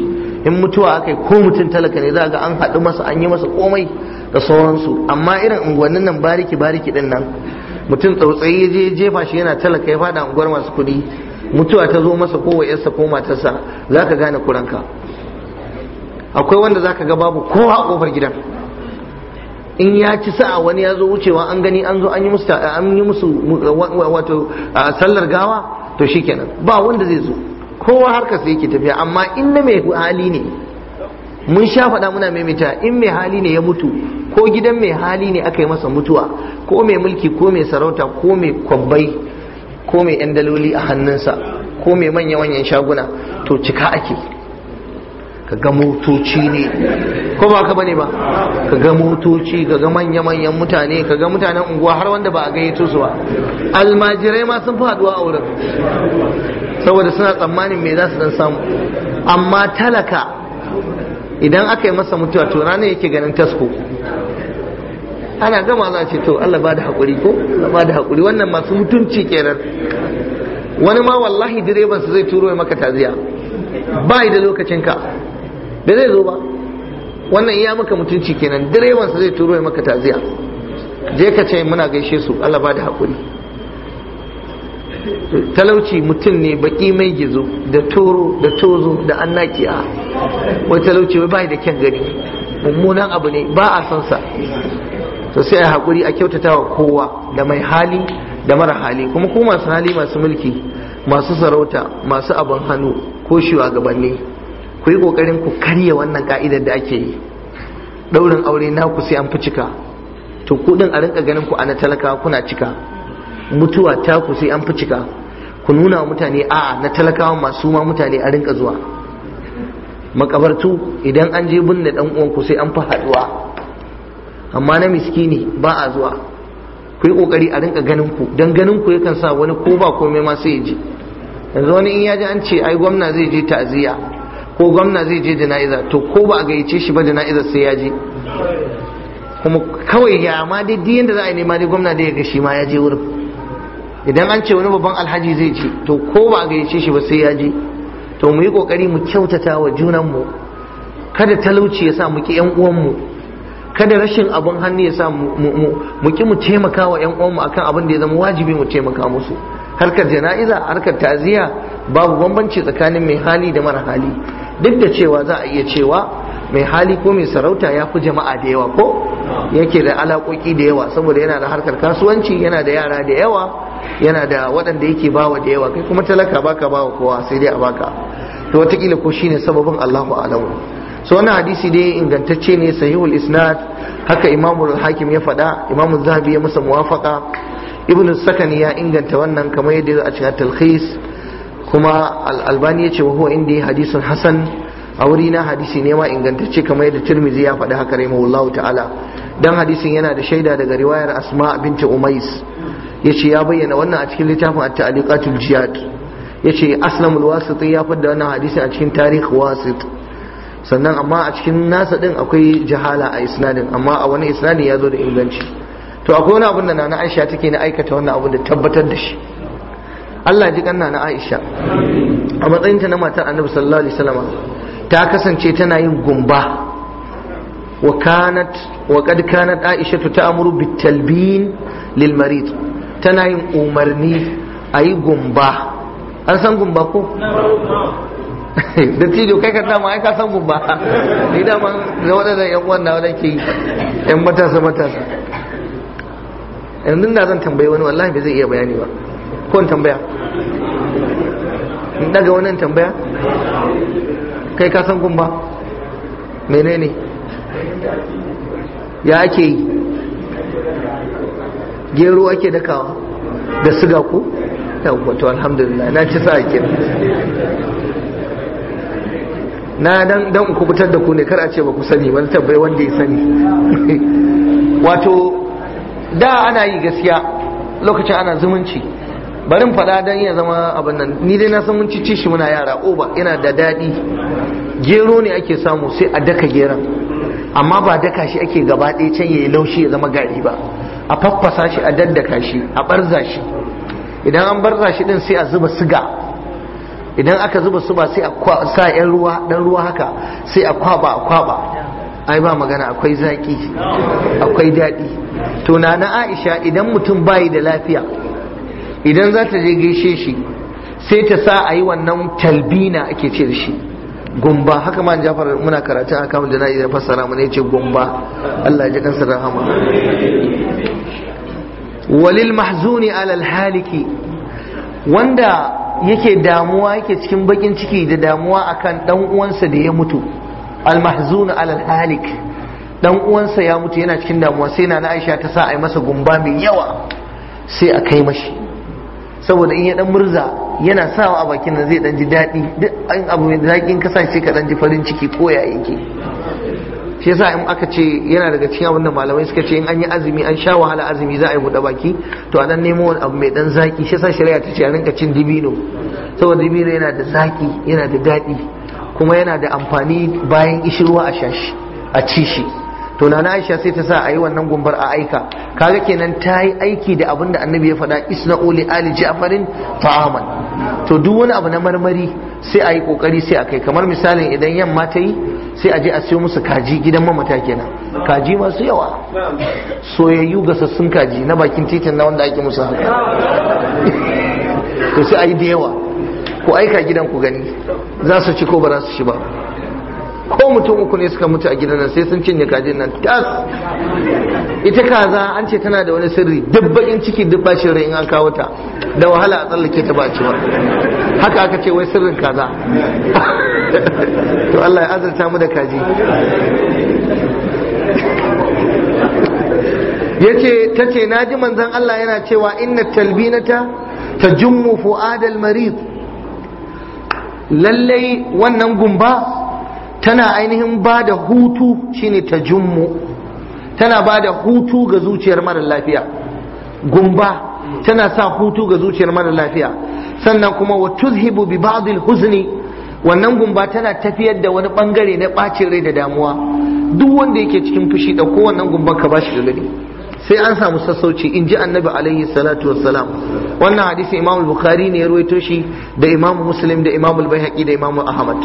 in mutuwa akai ko mutum talaka ne za ga an haɗu masa an yi masa komai da sauransu amma irin unguwannin nan bariki bariki ɗin nan mutum tsautsayi je jefa shi yana talaka ya fada unguwar masu kuɗi mutuwa ta zo masa ko 'yarsa ko matarsa za ka gane kuranka akwai wanda zaka ga babu kowa a kofar gidan in ya ci sa'a wani ya zo wucewa an gani an zo an yi musu an yi musu wato sallar gawa to shikenan ba wanda zai zo kowa harka sai yake tafiya amma in na mai hali ne mun sha faɗa muna maimaita in mai hali ne ya mutu ko gidan mai hali ne aka yi masa mutuwa ko mai mulki ko mai sarauta ko mai kwabbai ko mai yan daloli a hannunsa ko mai manya-manyan shaguna to cika ake ka ga motoci ne ko ba ka bane ba ka ga motoci ka ga manya-manyan mutane ka ga mutanen unguwa har wanda ba a gayyato su ba almajirai ma sun fi a wurin saboda suna tsammanin me za su dan samu amma talaka idan aka yi masa mutuwa to rana yake ganin tasko ana gama za a ce to Allah ba da haƙuri ko Allah ba da haƙuri wannan masu mutunci kenan wani ma wallahi direban su zai turo maka taziya ba da lokacin ka da zai zo ba wannan iya maka mutunci kenan direban sa zai turo ya maka taziya je ka ce muna gaishe su Allah ba da hakuri talauci mutum ne baki mai gizo da toro da tozo da annakiya wai talauci wai bai da kyan gani mummunan abu ne ba a san sa to sai hakuri a kyautata wa kowa da mai hali da mara hali kuma ko masu hali masu mulki masu sarauta masu abin hannu ko shiwa shugabanni ku yi kokarin ku karya wannan ka'idar da ake yi Ɗaurin aure na sai an fi cika to kuɗin a rinka ganin ku ana talaka kuna cika mutuwa ta ku sai an fi cika ku nuna wa mutane a na talakawa masu ma mutane a rinka zuwa makabartu idan an je binne dan uwanku sai an fi haduwa amma na miskini ba a zuwa ku yi kokari a rinka ganin ku dan ganin ku yakan sa wani ko ba komai ma sai ya ji yanzu wani in ya ji an ce ai gwamna zai je ta'aziyya ko gwamna zai je jana'iza to ko ba a gayyace shi ba jana'izar sai ya je kuma kawai ya ma dai duk yanda za a nema dai gwamna da ya ga shi ma ya je wurin idan an ce wani babban alhaji zai ce to ko ba a gayyace shi ba sai ya je to mu yi kokari mu kyautata wa junanmu kada talauci ya sa mu ki yan uwanmu kada rashin abun hannu ya sa mu ki mu taimaka wa yan mu akan abin da ya zama wajibi mu taimaka musu harkar jana'iza harkar taziya babu bambanci tsakanin mai hali da mara hali duk da cewa za a iya cewa mai hali ko mai sarauta ya fi jama'a da yawa ko yake da alaƙoƙi da yawa saboda yana da harkar kasuwanci yana da yara da yawa yana da waɗanda yake bawa da yawa kai kuma talaka baka bawa kowa sai dai a baka to wataƙila ko shi ne sababin Allahu a'lamu so wannan hadisi dai ingantacce ne sahihul isnad haka imamu hakim ya faɗa imamu zahabi ya masa muwafaqa ibnu sakani ya inganta wannan kamar yadda a cikin talkhis kuma al-albani yace wa huwa indi hadisin hasan a wuri na hadisi ne ma ingantacce kamar yadda tirmizi ya faɗi haka rahimahullahu ta'ala dan hadisin yana da shaida daga riwayar asma binti umais yace ya bayyana wannan a cikin littafin at-ta'liqatul jihad yace aslamul wasiti ya faɗa wannan hadisin a cikin tarikh wasit sannan amma a cikin nasa din akwai jahala a isnadin amma a wani isnadin ya zo da inganci to akwai wani abin da na Aisha take na aikata wannan abin da tabbatar da shi Allah ji kanna na Aisha a matsayinta na matar Annabi sallallahu alaihi wasallam ta kasance tana yin gumba wa kanat wa kad kanat Aisha ta'muru bit talbin lil marid tana yin umarni ayi gumba an san gumba ko da tijo kai ka dama ai ka san gumba ni dama da wadannan yan wannan na ke yan matasa matasa yanzu da zan tambayi wani wallahi bai zai iya bayani ba ko in tambaya in daga wannan tambaya kai ka san gumba menene ya ake yi gero ake dakawa da siga ko ta to alhamdulillah na ci sa ake na dan dan ku fitar da ku ne kar a ce ba ku sani wani tabbai wanda ya sani wato da ana yi gaskiya lokacin ana zumunci barin faɗa don ya zama abin nan ni dai na san mun cice shi muna yara oba yana da daɗi gero ne ake samu sai a daka geron amma ba daka shi ake gaba ɗaya can yayi laushi ya zama gari ba a faffasa shi a daddaka shi a barza shi idan an barza shi din sai a zuba siga idan aka zuba suba sai a sa yan ruwa dan ruwa haka sai a kwaba a kwaba ai ba magana akwai zaki akwai daɗi to na na Aisha idan mutum bayi da lafiya idan za ta je gaishe shi sai ta sa a yi wannan talbina ake ce da shi gumba haka ma jafar muna karatun a kamun jana'i da fassara mana ce gumba Allah ya ji kansa rahama walil mahzuni alal haliki wanda yake damuwa yake cikin bakin ciki da damuwa akan dan uwansa da ya mutu al mahzuni alal halik dan uwansa ya mutu yana cikin damuwa sai na Aisha ta sa a yi masa gumba mai yawa sai a kai mashi saboda in ya dan murza yana sawa a bakin nan zai dan ji daɗi duk an abu mai zaƙin kasance ka dan ji farin ciki ko ya yake shi yasa in aka ce yana daga cikin abin da malamai suka ce in an yi azumi an sha wahala azumi za a yi buɗe baki to a dan nemo wani abu mai dan zaƙi shi yasa shari'a ta ce a rinka cin dibino saboda dibino yana da zaƙi yana da dadi kuma yana da amfani bayan ishirwa a shashi a ci to na Aisha sai ta sa a yi wannan gumbar a aika kaga kenan ta yi aiki da abin da annabi ya faɗa isna'u li ali ja'farin fa'aman to duk wani abu na marmari sai a yi kokari sai a kai kamar misalin idan yamma ta yi sai a je a siyo musu kaji gidan mamata kenan kaji masu yawa soyayyu ga sassun kaji na bakin titin na wanda ake musu haka to sai a yi da yawa ku aika gidan ku gani za su ci ko ba za su ci ba ko mutum uku ne suka mutu a gidan nan sai sun cinye kajin nan tas ita kaza an ce tana da wani sirri dabbakin ciki duk rai in an kawo ta da wahala a tsallake ta ba haka aka ce wai sirrin kaza to Allah ya azurta mu da kaji yace tace naji manzon Allah yana cewa inna talbinata tajummu fu'adal marid lallai wannan gumba tana ainihin ba da hutu shine ta jummu tana ba da hutu ga zuciyar mara lafiya gumba tana sa hutu ga zuciyar mara lafiya sannan kuma wa tuzhibu bi ba'dil huzni wannan gumba tana tafiyar da wani bangare na bacin rai da damuwa duk wanda yake cikin fushi da ko wannan gumban ka bashi da gani sai an samu sassauci in ji annabi alaihi salatu wassalam wannan hadisi imam bukhari ne ya ruwaito shi da imam muslim da imam al-baihaqi da imam ahmad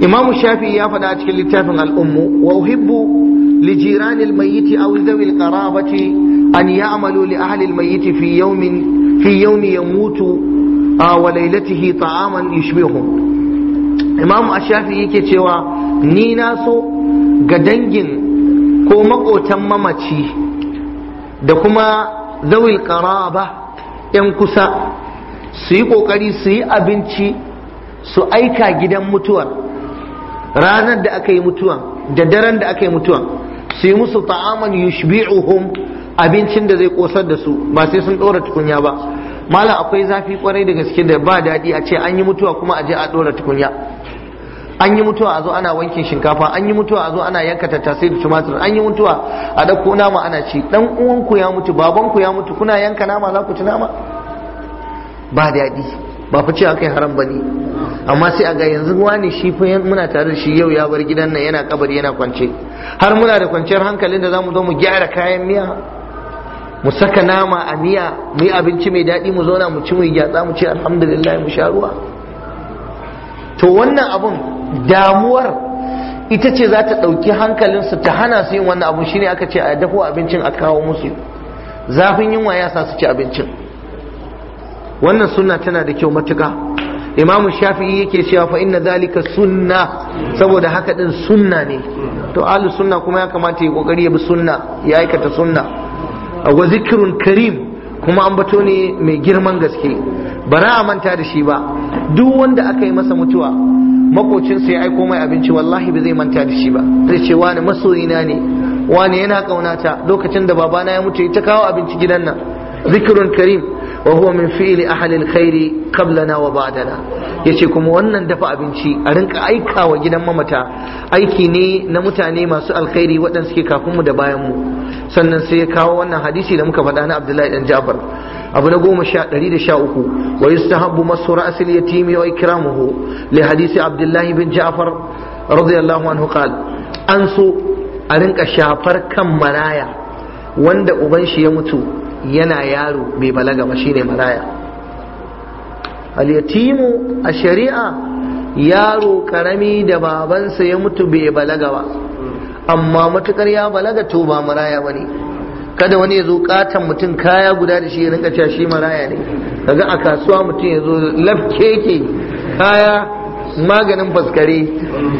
imamu shafi ya faɗa a cikin littafin al'ummu wa uhibbu li jiranil mayyiti aw dawil qarabati an ya'malu li ahli al-mayyiti fi yawmin fi yawmi yamutu wa laylatihi ta'aman yushbihum imamu ash-shafi yake cewa ni na so ga dangin ko makotan mamaci da kuma zawil qaraba yan kusa su yi kokari su yi abinci su aika gidan mutuwar ranar da aka yi mutuwa da daren da aka yi mutuwan su yi musu ta'aman yushbi'uhum abincin da zai kosar da su ba sai sun ɗora tukunya ba malam akwai zafi kwarai da gaske da ba daɗi a ce an yi mutuwa kuma a je a ɗora tukunya an yi mutuwa a zo ana wankin shinkafa an yi mutuwa a zo ana yanka tattasai da tumatir an yi mutuwa a ɗauko nama ana ci ɗan uwanku ya mutu babanku ya mutu kuna yanka nama za ku ci nama ba daɗi ba fi ce akai haram ba ne amma sai a ga yanzu wani shi fa muna tare da shi yau ya bar gidan nan yana kabari yana kwance har muna da kwanciyar hankalin da zamu zo mu gyara kayan miya mu saka nama a miya mu yi abinci mai daɗi mu zauna mu ci mu gyatsa mu ce alhamdulillah mu sha ruwa to wannan abun damuwar ita ce za ta ɗauki hankalinsu ta hana su yin wannan abun shine aka ce a dafo abincin a kawo musu zafin yunwa ya sa su ci abincin wannan suna tana da kyau matuka imamu shafi'i yake cewa fa inna zalika sunna saboda haka din sunna ne to ahlus sunna kuma ya kamata ya kokari ya bi sunna ya aikata sunna wa zikrun karim kuma an bato ne mai girman gaske ba a manta da shi ba duk wanda aka yi masa mutuwa makocinsa ya aiko mai abinci wallahi ba zai manta da shi ba zai ce wani masoyina ne wani yana kaunata lokacin da babana ya mutu ya ta kawo abinci gidan nan zikirun karim wa huwa min fi'li ahli alkhairi qablana yace kuma wannan dafa abinci a rinka aika wa gidan mamata aiki ne na mutane masu alkhairi waɗanda suke kafin mu da bayan mu sannan sai ya kawo wannan hadisi da muka faɗa na Abdullahi dan Jafar. abu na goma sha ɗari da sha uku wa yustahabbu masu ra'asil yatimi wa ikramuhu li hadisi Abdullahi bin Ja'far radiyallahu anhu qal an so a rinka shafar kan maraya wanda uban shi ya mutu yana yaro bai balaga ba shine maraya al-yatimu a shari'a yaro karami da babansa ya mutu bai balaga ba amma matukar ya balaga to ba maraya bane kada wani yazo zo katon mutum kaya guda da shi ya rinka cewa shi maraya ne kaga a kasuwa mutum yazo lafkeke kaya maganin faskare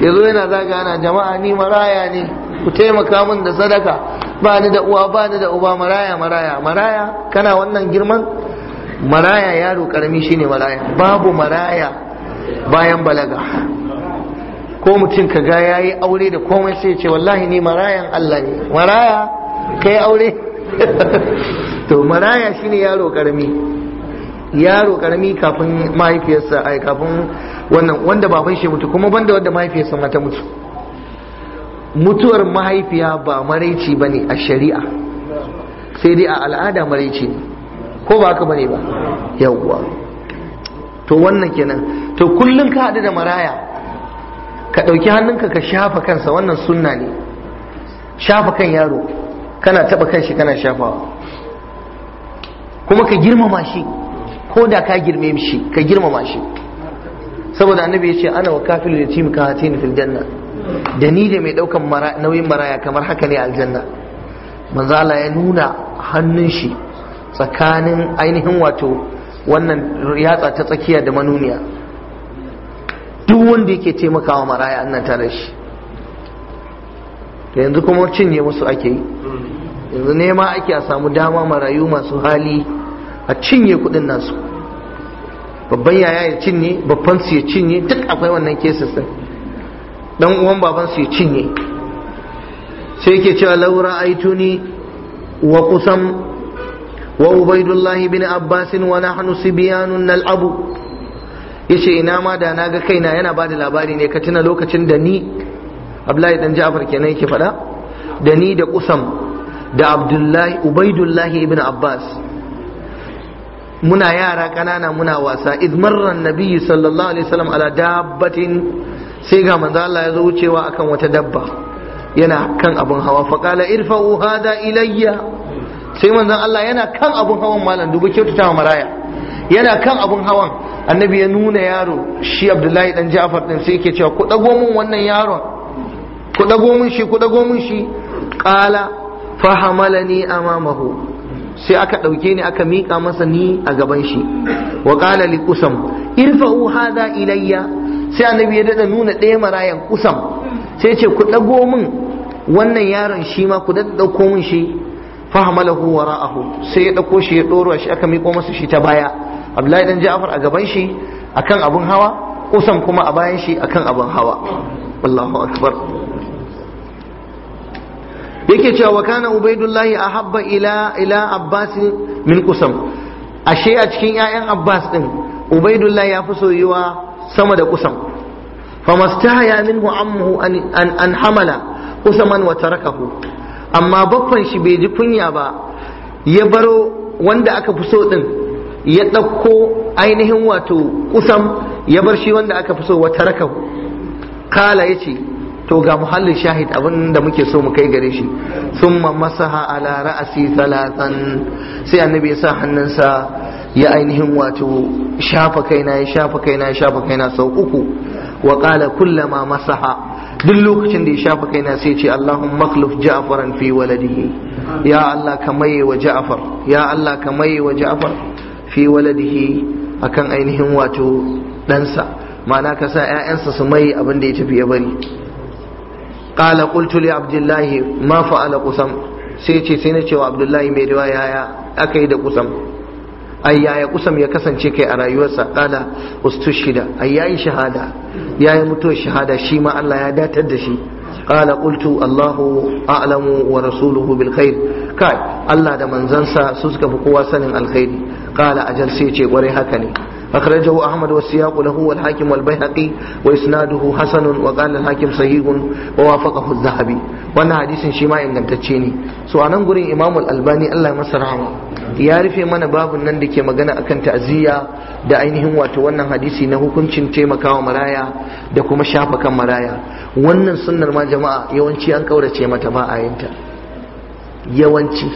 yazo yana zaga ana jama'a ni maraya ne ku taimaka min da sadaka ba ni da uwa ba ni da uba maraya maraya maraya kana wannan girman maraya yaro karami shine maraya babu maraya bayan balaga ko mutum ka ga yayi aure da komai sai ce wallahi ni marayan Allah ne maraya kai aure to maraya shine yaro karami yaro karami kafin mahaifiyarsa ai kafin wannan wanda baban shi mutu kuma banda wanda mahaifiyarsa mata mutu mutuwar mahaifiya ba maraici ba ne a shari'a sai dai a al'ada maraici ko ba haka ba ba yawwa to wannan kenan to kullum ka haɗu da maraya ka ɗauki hannunka ka shafa kansa wannan sunna ne shafa kan yaro kana taɓa kan shi kana shafawa kuma ka girmama shi ko da ka girme shi ka girmama shi saboda annabi ya ce ana wa kafin da tim ka hatini fil janna da ni da mai ɗaukan nauyin maraya kamar haka ne aljanna Manzala ya nuna hannun shi tsakanin ainihin wato wannan yatsa ta tsakiya da manuniya duk wanda yake taimakawa maraya annan tare shi yanzu kuma cinye musu ake yi yanzu nema ake a samu dama marayu masu hali a cinye kudin nasu babban yaya ya cinye babban su ya cinye duk akwai wannan kesa sai dan uwan babansu ya cinye sai yake cewa laura aituni wa kusam wa ubaidullah bin abbas wa nahnu sibyanun nal'abu yace ina ma da naga kaina yana ba da labari ne ka tuna lokacin da ni Abdullahi dan Ja'far kenan yake faɗa da ni da kusam da Abdullahi Ubaidullahi ibn Abbas muna yara ƙanana muna wasa idh marra an-nabiy sallallahu alaihi wasallam ala dabbatin sai ga manzo Allah ya zo wucewa akan wata dabba yana kan abun hawa fa qala irfa'u hada ilayya sai manzon Allah yana kan abun hawan malam dubu kyautata maraya yana kan abun hawan annabi ya nuna yaro shi Abdullahi dan Ja'far din sai yake cewa ku dago mun wannan yaron ku dago mun shi ku dago mun shi qala fa hamalani amamahu sai aka ɗauke ni aka miƙa masa ni a gaban shi wa qala li qusam irfa'u hadha ilayya sai annabi ya daɗa nuna ɗaya marayan kusam sai ce ku ɗago min wannan yaron shi ma ku ɗauko min shi fahamalahu wara'ahu sai ya ɗauko shi ya ɗoro shi aka miƙo masa shi ta baya abdullahi dan ja'far a gaban shi akan abun hawa kusan kuma a bayan shi akan abun hawa wallahu akbar yake cewa wa kana ubaidullahi ahabba ila ila abbas min kusam ashe a cikin 'ya'yan abbas din ubaidullahi ya fi soyuwa sama da kusam famastahaya minhu ammuhu an an hamala kusaman wa tarakahu amma baffan shi bai ji kunya ba ya baro wanda aka fi so din ya ɗauko ainihin wato kusam ya bar shi wanda aka fi so wa tarakahu kala yace to ga muhallin shahid abin da muke so mu kai gare shi summa masaha ala ra'asi talatan sai annabi ya sa hannunsa ya ainihin wato shafa kaina ya shafa kaina ya shafa kaina sau uku wa qala kullama masaha duk lokacin da ya shafa kaina sai ce Allahumma akhlif Ja'faran fi waladihi ya Allah ka maye wa Ja'far ya Allah ka maye wa Ja'far fi waladihi akan ainihin wato ɗansa ma'ana ka sa 'ya'yansa su maye abin da ya tafi ya bari Ƙala qultu li abdullahi ma fa'ala qusam sai ce sai na cewa abdullahi mai riwaya ya aka yi da qusam ai yaya ya kasance kai a rayuwarsa qala ustushhida ai yayi shahada yayi mutuwar shahada shi ma Allah ya datar da shi قال قلت الله أعلم ورسوله بالخير كاي الله ده kowa sanin بقوة Ƙala الخير قال أجل سيتي haka ne. Ahmad أخرجه أحمد والسياق له والحاكم والبيهقي وإسناده حسن وقال الحاكم صحيح ووافقه الذهبي وأنا حديث شيما ne. تتشيني a nan gurin إمام Albani الله يمسر عمه ya rufe mana babu nan da ke magana a kan ta'aziyya da ainihin wato wannan hadisi na hukuncin taimakawa maraya da kuma shafa kan maraya wannan sunnar ma jama'a yawanci an kaurace mata ba yawanci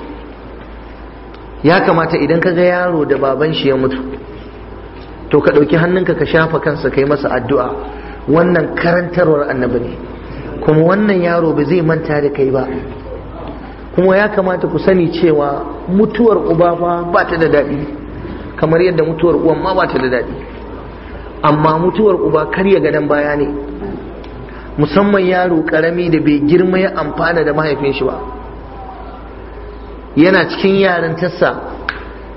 ya kamata idan ka ga yaro da baban shi ya mutu to ka ɗauki hannunka ka shafa kansa kai masa addu'a wannan karantarwar annabi ne kuma wannan yaro ba zai manta da kai ba kuma ya kamata ku sani cewa mutuwar uba ba ta da daɗi kamar yadda mutuwar uwan ma ba ta da daɗi amma mutuwar uba karya gadon baya ne musamman yaro karami da bai girma ya amfana da mahaifin shi ba yana cikin yaran tassa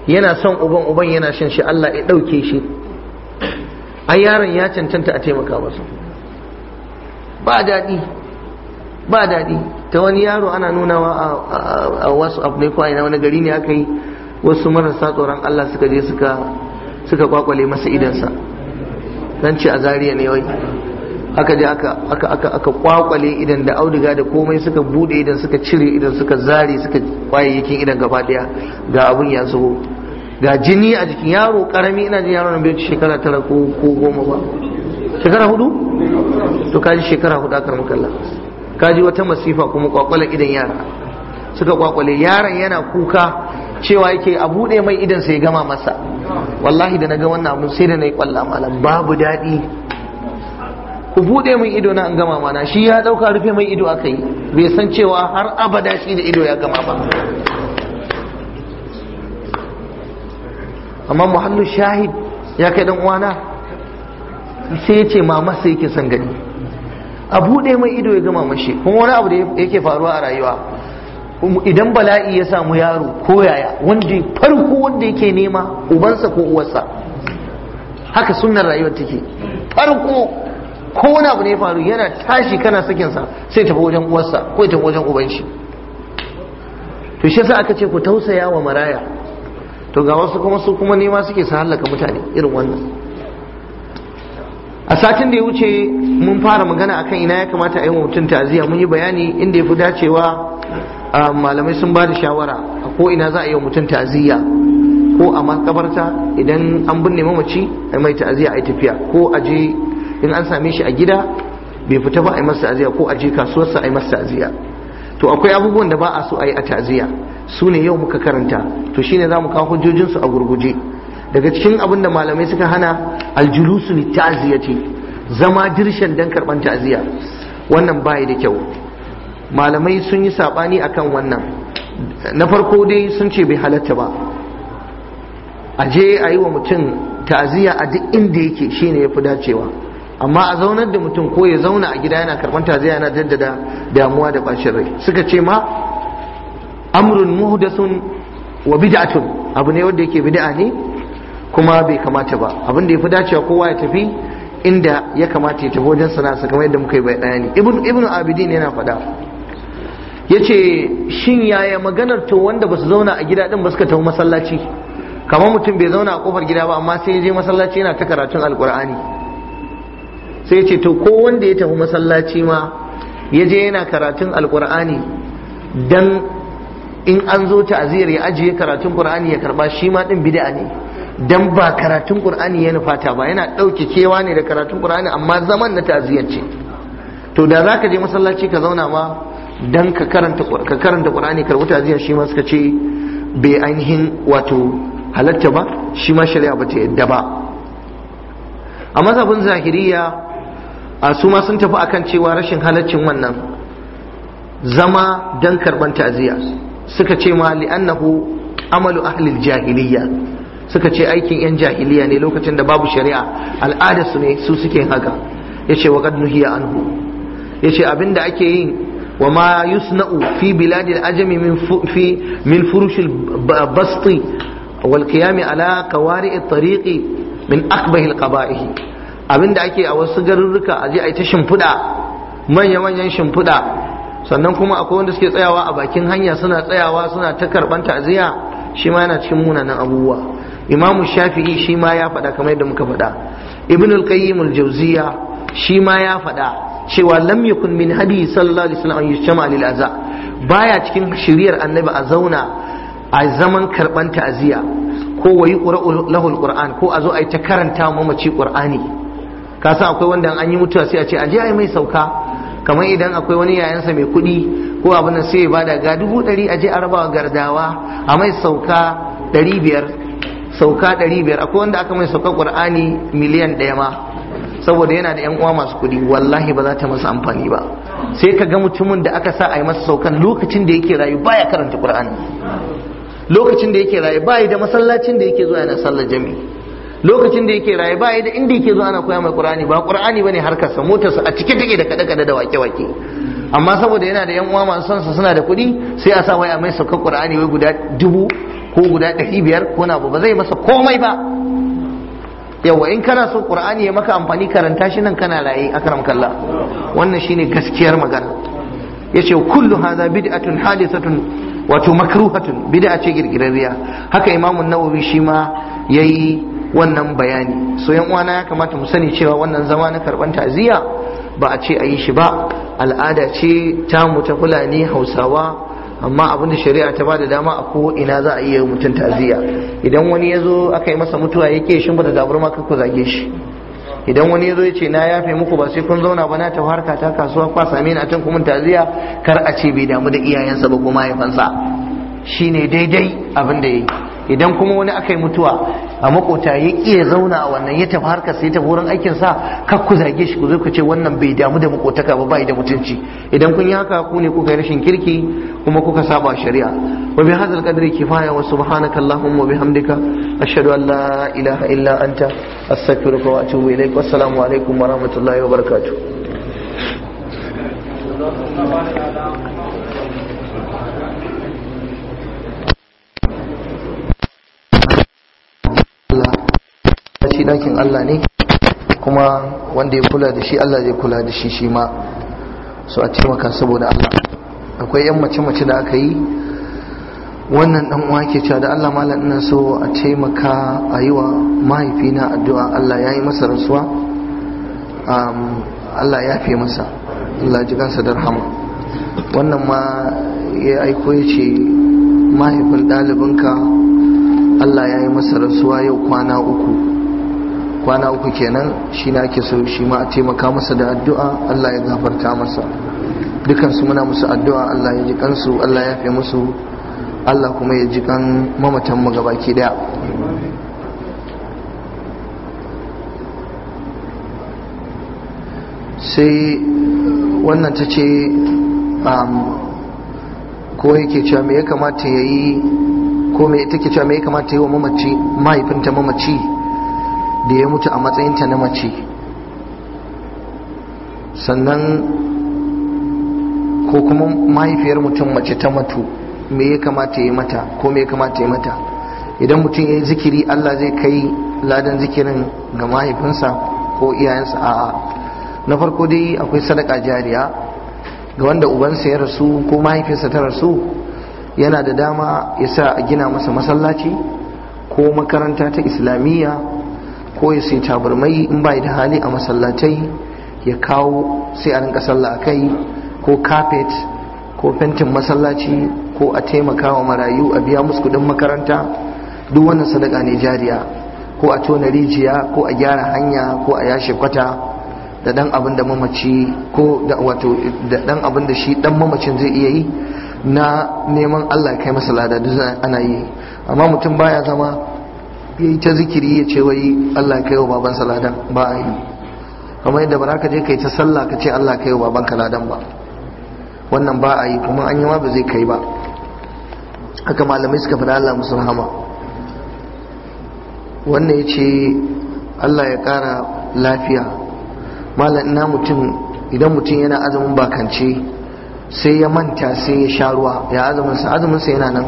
yana son uban uban yana shan shi Allah ya ɗauke shi Ai yaron ya cancanta a taimaka masa ba daɗi ba daɗi ta wani yaro ana nunawa a wasu abu ne na wani gari ne aka yi wasu marasa tsoron Allah suka je suka kwakwale masa idansa don ce a zariya ne wai aka je aka kwakwale idan da auduga da komai suka bude idan suka cire idan suka zare suka kwayayyakin idan gaba daya ga abun ya zubo ga jini a jikin yaro karami ina jin yaro nan bai shekara tara ko goma ba shekara hudu to kaji shekara hudu akar makalla kaji wata masifa kuma kwakwala idan yara suka kwakwale yaron yana kuka cewa yake a bude mai idan sai gama masa wallahi da na ga wannan abun sai da na yi kwalla malam babu daɗi ku bude mai ido na an gama mana shi ya ɗauka rufe mai ido aka yi bai san cewa har abada shi da ido ya gama ba amma muhallu shahid ya kai dan uwana sai ya ce mama sai yake san gani a buɗe mai ido ya gama mashi kuma wani abu da yake faruwa a rayuwa idan bala'i ya samu yaro ko yaya wanda farko wanda yake nema ubansa ko uwarsa haka sunnar rayuwar take farko ko wani abu ne ya faru yana tashi kana sakinsa sai tafi wajen uwarsa ko tafi wajen ubanshi. shi to shi yasa aka ce ku tausaya wa maraya to ga wasu kuma su kuma nema suke su hallaka mutane irin wannan a satin da ya wuce mun fara magana akan ina ya kamata a yi wa mutum ta'aziyya mun yi bayani inda ya fi dacewa malamai sun ba da shawara a ko ina za a yi wa mutum ta'aziyya ko a makabarta idan an binne mamaci a mai ta'aziyya a yi tafiya ko a je in an same shi a gida bai fita ba a yi masa ta'aziyya ko a je kasuwarsa a yi masa ta'aziyya to akwai abubuwan da ba a so a yi a ta'aziyya su ne yau muka karanta to shine za mu kawo hujjojinsu a gurguje daga cikin abin da malamai suka hana aljulusu li ce zama dirshan dan karban ta'aziya wannan bayi da kyau malamai sun yi sabani akan wannan na farko dai sun ce bai halatta ba a je a yi wa mutum ta'aziyya a duk inda yake shine fi dacewa amma a zaunar da mutum ko ya zauna a gida yana karban ta'ziya yana jaddada damuwa da bacin rai suka ce ma amrun muhdathun wa bid'atun abu ne wanda yake bid'a ne kuma bai kamata ba abin da yafi dacewa kowa ya tafi inda ya kamata ya tafi wajen sana'a kamar yadda muka yi bayani ibn ibn abidin yana faɗa yace shin yaya maganar to wanda basu zauna a gida din ba suka tafi masallaci kamar mutum bai zauna a kofar gida ba amma sai ya je masallaci yana ta karatun alkur'ani sai ya ce to ko wanda ya tafi masallaci ma ya je yana karatun alkur'ani dan in an zo ta'aziyar ya ajiye karatun qur'ani ya karba shi ma din bid'a ne dan ba karatun qur'ani ya nufata ba yana dauke kewa ne da karatun qur'ani amma zaman na ta'aziyar ce to da zaka je masallaci ka zauna ma dan ka karanta ka karanta qur'ani karbu ta'aziyar shi ma suka ce bai ainihin wato halatta ba shi ma shari'a ba ta yadda ba a mazhabin zahiriya a su ma sun tafi akan cewa rashin halaccin wannan zama dan karban ta'aziyya suka ce ma li'annahu amalu ahlil jahiliya suka ce aikin yan jahiliya ne lokacin da babu shari'a al'ada su ne su suke haka yace wa qad nuhiya anhu yace abinda ake yin wa ma yusna'u fi biladil ajami min fi min furushil basti wal qiyam ala qawari' at-tariqi min akbahil qaba'ihi abinda ake a wasu garurruka aje ai ta shimfiɗa manya-manyan shimfiɗa sannan kuma akwai wanda suke tsayawa a bakin hanya suna tsayawa suna ta karban ta'ziya shi ma yana cikin munanan abubuwa imam shafi'i shi ma ya faɗa kamar yadda muka faɗa ibn al-qayyim al-jawziya shi ma ya faɗa cewa lam yakun min hadi sallallahu alaihi wasallam an lil aza baya cikin shiriyar annabi a zauna a zaman karban ta'ziya ko wayi lahul qur'an ko a zo a yi ta karanta mamaci qur'ani ka akwai wanda an yi mutuwa sai a ce a je mai sauka kamar idan akwai wani yayansa mai kuɗi ko abin da sai ya bada ga dubu ɗari a je a rabawa gardawa a mai sauka ɗari biyar sauka ɗari biyar akwai wanda aka mai sauka ƙur'ani miliyan ɗaya ma saboda yana da 'yan uwa masu kuɗi wallahi ba za ta masa amfani ba sai ka ga mutumin da aka sa a yi masa saukan lokacin da yake rayu baya karanta ƙur'ani lokacin da yake rayu bayi da masallacin da yake zuwa yana sallar jami'i lokacin da yake raye ba da inda yake zo ana koya mai qur'ani ba qur'ani bane harkarsa motarsa a cike take da kada kada da wake wake amma saboda yana da yan uwa masu son sa suna da kuɗi sai a sa wai a mai sauka qur'ani wai guda dubu ko guda ɗari biyar ko na ba zai masa komai ba yawa in kana so qur'ani ya maka amfani karanta shi nan kana raye akram kalla wannan shine gaskiyar magana yace kullu hadha bid'atun hadithatun wato makruhatun bid'a ce girgirarriya haka imamun nawawi shi ma yayi wannan bayani so yan uwana ya kamata mu sani cewa wannan zama na karban ta'ziya ba a ce a yi shi ba al'ada ce ta ta fulani hausawa amma abin da shari'a ta bada dama a ko ina za a iya mutum ta'aziyya idan wani ya zo aka yi masa mutuwa yake shin ba da dabarma ka ku zage shi idan wani ya zo ya ce na yafe muku ba sai kun zauna ba na ta harka ta kasuwa kwa sami na tun ku kuma taziya kar a ce bai damu da iyayensa ba ko mahaifansa shine daidai abin da yayi idan kuma wani aka yi mutuwa a makota ya ƙi ya zauna a wannan ya tafi harkar sai tafi wurin aikin sa kar ku zage shi ku zo ku ce wannan bai damu da makotaka ba bai da mutunci idan kun yi haka ku ne kuka yi rashin kirki kuma kuka saba shari'a wa bi hadzal qadri kifaya wa subhanaka allahumma bihamdika ashhadu an la ilaha illa anta astaghfiruka wa atubu ilaik assalamu alaikum wa rahmatullahi wa barakatuh shi dakin Allah ne kuma wanda ya kula da shi Allah zai kula da shi shi ma so a taimaka saboda Allah akwai yan mace-mace da aka yi wannan dan uwa ke cewa da Allah mallan ina so a taimaka a yi wa mahaifina addu'a Allah ya yi masa rasuwa Allah ya fi masa Allah ji kansa da rahama wannan ma ya aiko ya ce mahaifin ɗalibinka Allah ya yi masa rasuwa yau kwana uku kwana uku kenan shi na ake so shi ma a taimaka masa da addu'a Allah ya gafarta masa su muna musu addu'a Allah ya ji kansu Allah ya fi musu Allah kuma ya mamatan mu mamatanmu gabaki daya sai wannan ta ce um, ko yake cewa me ya kamata ya yi ko me take cewa me ya kamata ya yi wa mamaci mahaifinta mamaci da ya mutu a matsayinta na mace sannan ko kuma mahaifiyar mutum mace ta matu me ya kamata ya mata ko me ya kamata ya mata idan mutum ya yi zikiri Allah zai kai ladan zikirin ga mahaifinsa ko iyayensa a'a na farko dai akwai sadaka jariya ga wanda ubansa ya rasu ko mahaifinsa ta rasu yana da dama ya sa a gina masa masallaci ko makaranta ta islamiyya ko ya sai tabarmai in ba da hali a masallatai ya kawo sai a rinka sallah a kai ko carpet ko fentin masallaci ko a taimaka wa marayu a biya musu kudin makaranta duk wannan sadaka ne jariya ko a tona rijiya ko a gyara hanya ko a yashe kwata da dan abin da mamaci ko da wato da dan abin da shi dan mamacin zai iya yi na neman Allah kai masa lada duk ana yi amma mutum baya zama ya yi ta zikiri ya ce wai Allah ya kaiwa baban saladan ba a yi kuma yadda ba ka je ka yi ta sallah ka ce Allah ya kaiwa baban kaladan ba wannan ba a yi kuma an yi ma ba zai kai ba haka malamai suka faɗa Allah musu rahama wannan ya ce Allah ya kara lafiya malam ina mutum idan mutum yana azumin bakance sai ya manta sai ya sha ruwa ya azumin sa azumin sa yana nan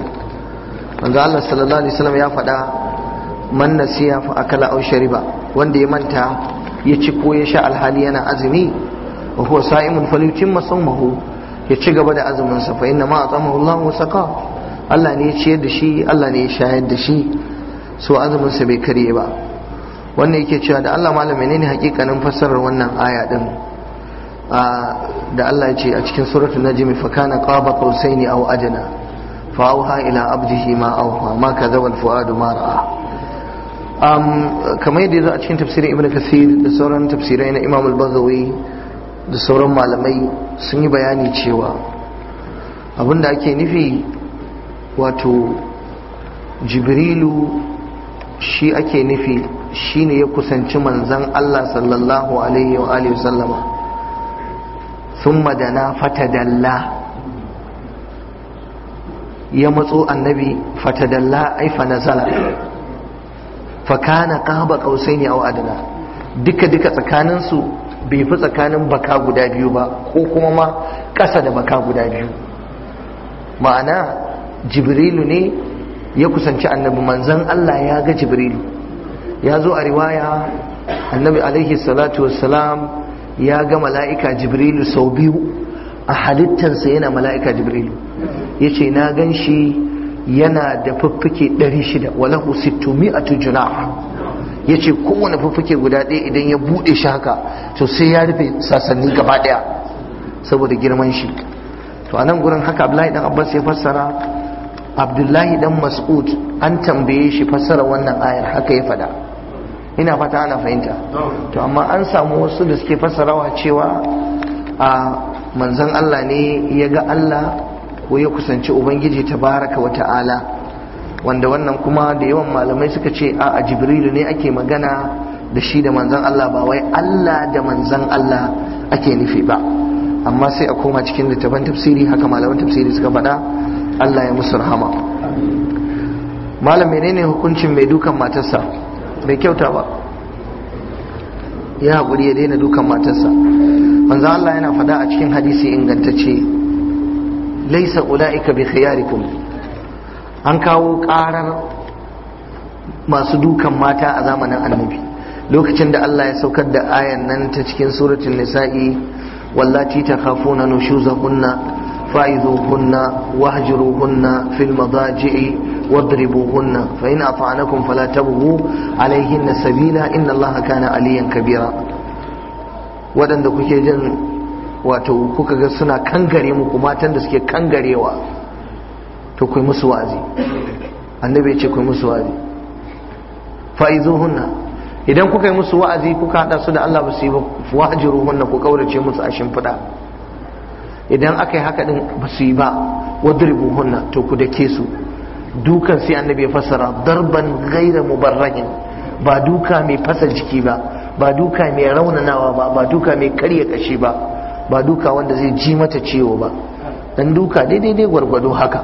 manzo Allah sallallahu alaihi wasallam ya faɗa man nasiya fa akala aw shariba wanda ya manta ya ci ko ya sha alhali yana azumi wa huwa sa'imun falyutimma sawmahu ya ci gaba da azumin sa fa inna ma atamahu Allah wa saqa Allah ne ya ciyar da shi Allah ne ya shayar da shi so azumin sa bai karye ba wannan yake cewa da Allah malam menene hakikanin fassarar wannan aya din da Allah ya ce a cikin suratul najm fa kana qaba qausaini aw adna fa auha ila abdihi ma auha ma kadha wal fuadu ma ra'a Um, kamar yadda a cikin tafsirin ibn kasir da sauran tafsirai na imam al-bazawi da sauran malamai sun yi bayani cewa abinda ake nufi wato jibrilu shi ake nufi shine ya kusanci manzan Allah sallallahu alaihi wa alihi sallama thumma fata fatadalla ya matso annabi fatadalla ai fa zala fa kana qaba qausaini aw adana duka duka tsakanin su bai fi tsakanin baka guda biyu ba ko kuma ma ƙasa da baka guda biyu ma'ana jibrilu ne ya kusanci annabi manzon Allah ya ga jibrilu ya zo a riwaya annabi alaihi salatu wassalam ya ga mala'ika jibrilu sau biyu a halittarsa yana mala'ika jibrilu ya ce na gan shi yana da fuffuke 600 walahu 600 ya yace kowane fuffuke guda ɗaya idan ya buɗe shi haka to sai ya rufe sasanni gaba ɗaya saboda girman shi to a nan gurin haka Abdullahi dan Abbas ya fassara Abdullahi dan Mas'ud an tambaye shi fassara wannan ayar haka ya fada ina fata ana fahimta to amma an samu wasu da suke fassarawa cewa a manzon Allah ne ya ga Allah ko ya kusanci ubangiji tabaraka wa ta'ala wanda wannan kuma da yawan malamai suka ce a jibrilu ne ake magana da shi da manzan Allah ba wai Allah da manzan Allah ake nufi ba amma sai a koma cikin littafin tafsiri haka malaman tafsiri suka faɗa Allah ya musu rahama malam menene hukuncin mai dukan matarsa bai kyauta ba ya haƙuri ya daina dukan matarsa manzan Allah yana faɗa a cikin hadisi ingantacce laisa ula'ika bi khiyarikum an kawo karar masu dukan mata a zamanin annabi lokacin da Allah ya saukar da ayan nan ta cikin suratul nisa'i wallati takhafuna nushuzahunna فاعذوهن واهجروهن في المضاجع واضربوهن فإن أطعنكم فلا تبغوا عليهن سبيلا إن الله كان aliyan kabira waɗanda kuke jin wato kuka ga suna kangare kuma tan da suke kangarewa to kai musu wazi annabi ya ce kai musu wazi fa'izuhunna idan kuka yi musu wa'azi kuka hada su da Allah ba su yi ba wajiruhunna ku kaurace musu a shimfiɗa idan aka yi haka din ba su yi ba wadribuhunna to ku dake su dukan sai annabi ya fassara darban ghaira mubarrahin ba duka mai fasa jiki ba ba duka mai raunanawa ba ba duka mai karya kashi ba ba duka wanda zai ji mata ciwo ba dan duka daidai dai gwargwado haka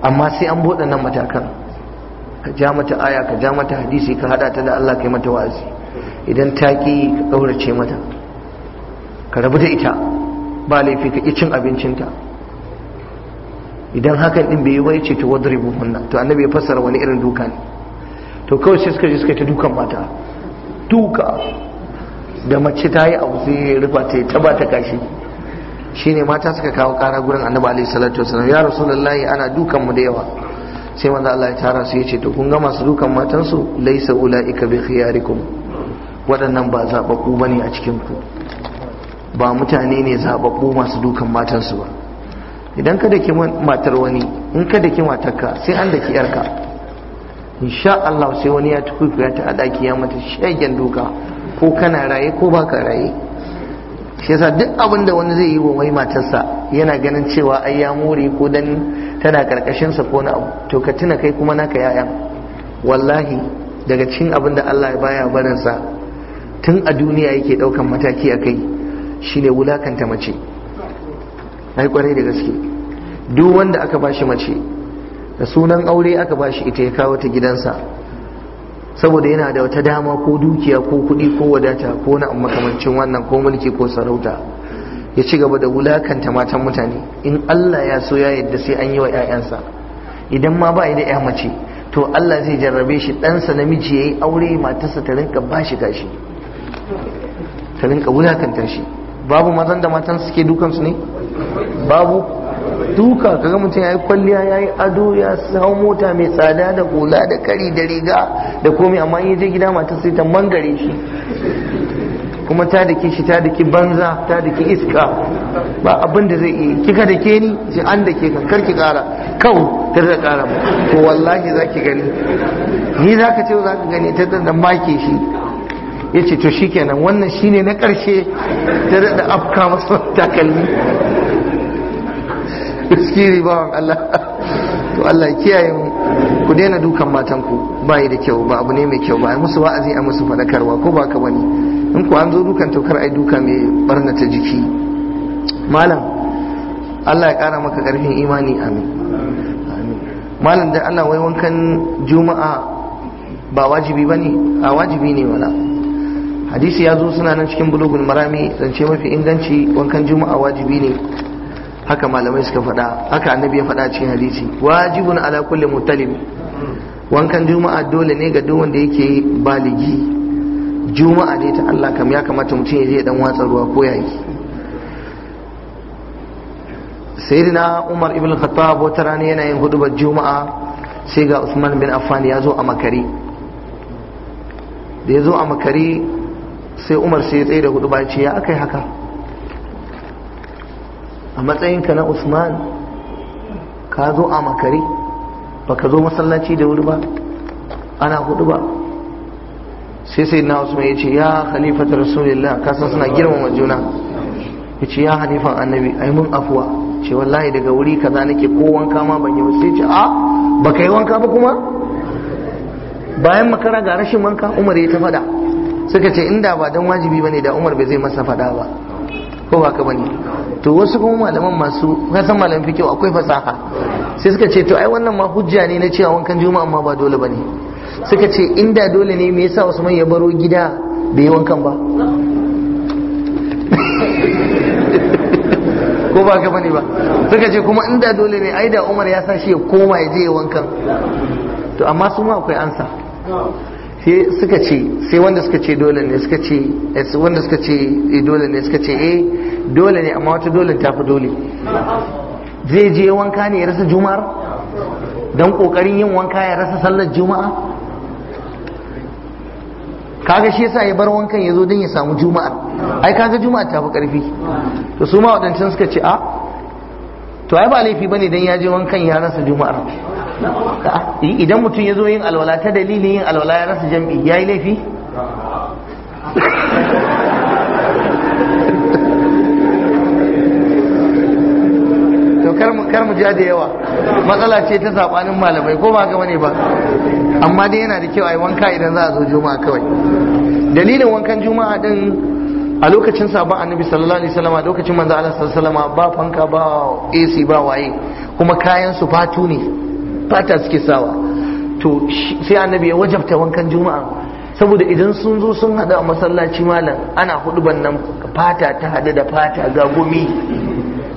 amma sai an bude nan matakan ka ja mata aya ka ja mata hadisi ka hada ta da Allah kai mata wa'azi idan ta ki ka kaurace mata ka rabu da ita ba laifi ka ki cin abincinta idan hakan din bai yi wai ce to wadribu hunna to annabi ya fassara wani irin duka ne to kawai sai suka je suka ta dukan mata duka da mace ta yi abu sai ya rufa ta ta ba ta kashi shine mata suka kawo kara gurin annabi alaihi salatu wasallam ya rasulullahi ana dukan da yawa sai manzo Allah ya tara su yace to kun ga masu dukan matan su laysa ulaika bi khiyarikum waɗannan ba zababbu bane a cikin ku ba mutane ne zababbu masu dukan matan ba idan ka daki matar wani in ka daki matarka sai an daki yarka insha Allah sai wani ya tukuku ya ta ya mata shegen duka ko kana raye ko baka raye shi yasa duk abin da wani zai yi wa wai matarsa yana ganin cewa ai ya more ko dan tana karkashin sa ko na abu to ka tuna kai kuma naka yayan wallahi daga cikin abin da Allah ya baya barin sa tun a duniya yake daukan mataki a kai shine wulakanta mace ai kwarai da gaske duk wanda aka bashi mace da sunan aure aka bashi ita ya kawo ta gidansa saboda yana da wata dama ko dukiya ko kuɗi ko wadata ko na abu makamancin wannan ko mulki ko sarauta ya ci gaba da wulakanta matan mutane in Allah ya so ya yadda sai an yi wa 'ya'yansa idan ma ba da ƴa mace to Allah zai jarrabe shi ɗansa namiji ya yi aure matarsa ta rinka ba shi gashi ta rinka wulakantar shi babu mazan da matan suke dukansu ne babu duka kaga mutum ya yi kwalliya ya yi ado ya hau mota mai tsada da hula da kari da riga da komai amma yi je gida mata sai ta mangare shi kuma ta dake shi ta dake banza ta dake iska ba abin da zai iya kika da ke ni sai an ke kankar ki kara kawo ta da kara to wallahi ki gani ni za ka ce za ka gani ta da make shi ya ce to shi kenan wannan shine na karshe ta da afka masa takalmi miskini bawan Allah to Allah kiyaye mu ku daina dukan matan ku ba yi da kyau ba abu ne mai kyau ba ai musu wa'azi ai musu fadakarwa ko ba ka bane in ku an zo dukan kar ai duka mai barnata jiki malam Allah ya kara maka karfin imani amin malam dai ana wai wankan juma'a ba wajibi bane a wajibi ne wala hadisi ya zo suna nan cikin bulugul marami zance mafi inganci wankan juma'a wajibi ne haka malamai suka faɗa haka annabi ya faɗa cikin hadisi wajibun ala kulli mutalib wankan juma'a dole ne ga duk wanda yake baligi juma'a ne ta Allah kam ya kamata mutum ya je dan watsa ruwa ko yayi sayyidina Umar ibn Khattab wata rana yana yin hudubar juma'a sai ga Usman bin Affan ya zo a makari da ya zo a makare sai Umar sai ya tsaye da hudu ce ya akai haka a matsayinka na usman ka zo a makare ka zo masallaci da wuri ba ana hudu ba sai sai na usman ya ce ya khalifata rasulillah kasan suna girmama juna ya ce ya halifan annabi ai mun afuwa ce wallahi daga wuri kaza nake ko wanka ma ban yi ba sai ce a ka yi wanka ba kuma bayan makara ga rashin wanka umar ya ta fada suka ce inda ba dan wajibi bane da umar bai zai masa fada ba ko ba ka bane to wasu kuma malaman masu san malamin fikihu akwai fasaha sai suka ce to ai wannan ma hujja ne na cewa wankan juma'a amma ba dole bane suka ce inda dole ne me yasa Usman ya baro gida da yi wankan ba ko ba ka bane ba suka ce kuma inda dole ne ai da Umar ya san shi ya koma ya je wankan to amma su ma akwai ansa suka ce sai wanda suka ce dole ne suka ce eh, wanda suka ce eh, dole ne suka ce eh dole ne amma wata dole ta fi dole zai je wanka ne ya rasa juma'ar don kokarin yin wanka ya rasa sallar juma'a kaga shi yasa ya bar wankan ya zo don ya samu juma'ar ai kaga juma'a ta fi karfi to su ma waɗancan suka ce a ah, to ai ba laifi bane dan ya je wankan ya rasa juma'ar idan mutum ya zo yin alwala ta dalilin yin alwala ya rasa jam'i ya yi laifi kar mu ja da yawa matsala ce ta sabanin malamai ko ba gama ne ba amma dai yana da kyau a yi wanka idan za a zo juma'a kawai dalilin wankan juma'a din a lokacin sabon annabi sallallahu alaihi wasallam lokacin manzo Allah sallallahu alaihi wasallam ba fanka ba AC ba waye kuma kayan su fatu ne fata suke sawa to sai annabi ya wajabta wankan juma'a saboda idan sun zo sun hada a masallaci malam ana huduban nan fata ta hada da fata ga gumi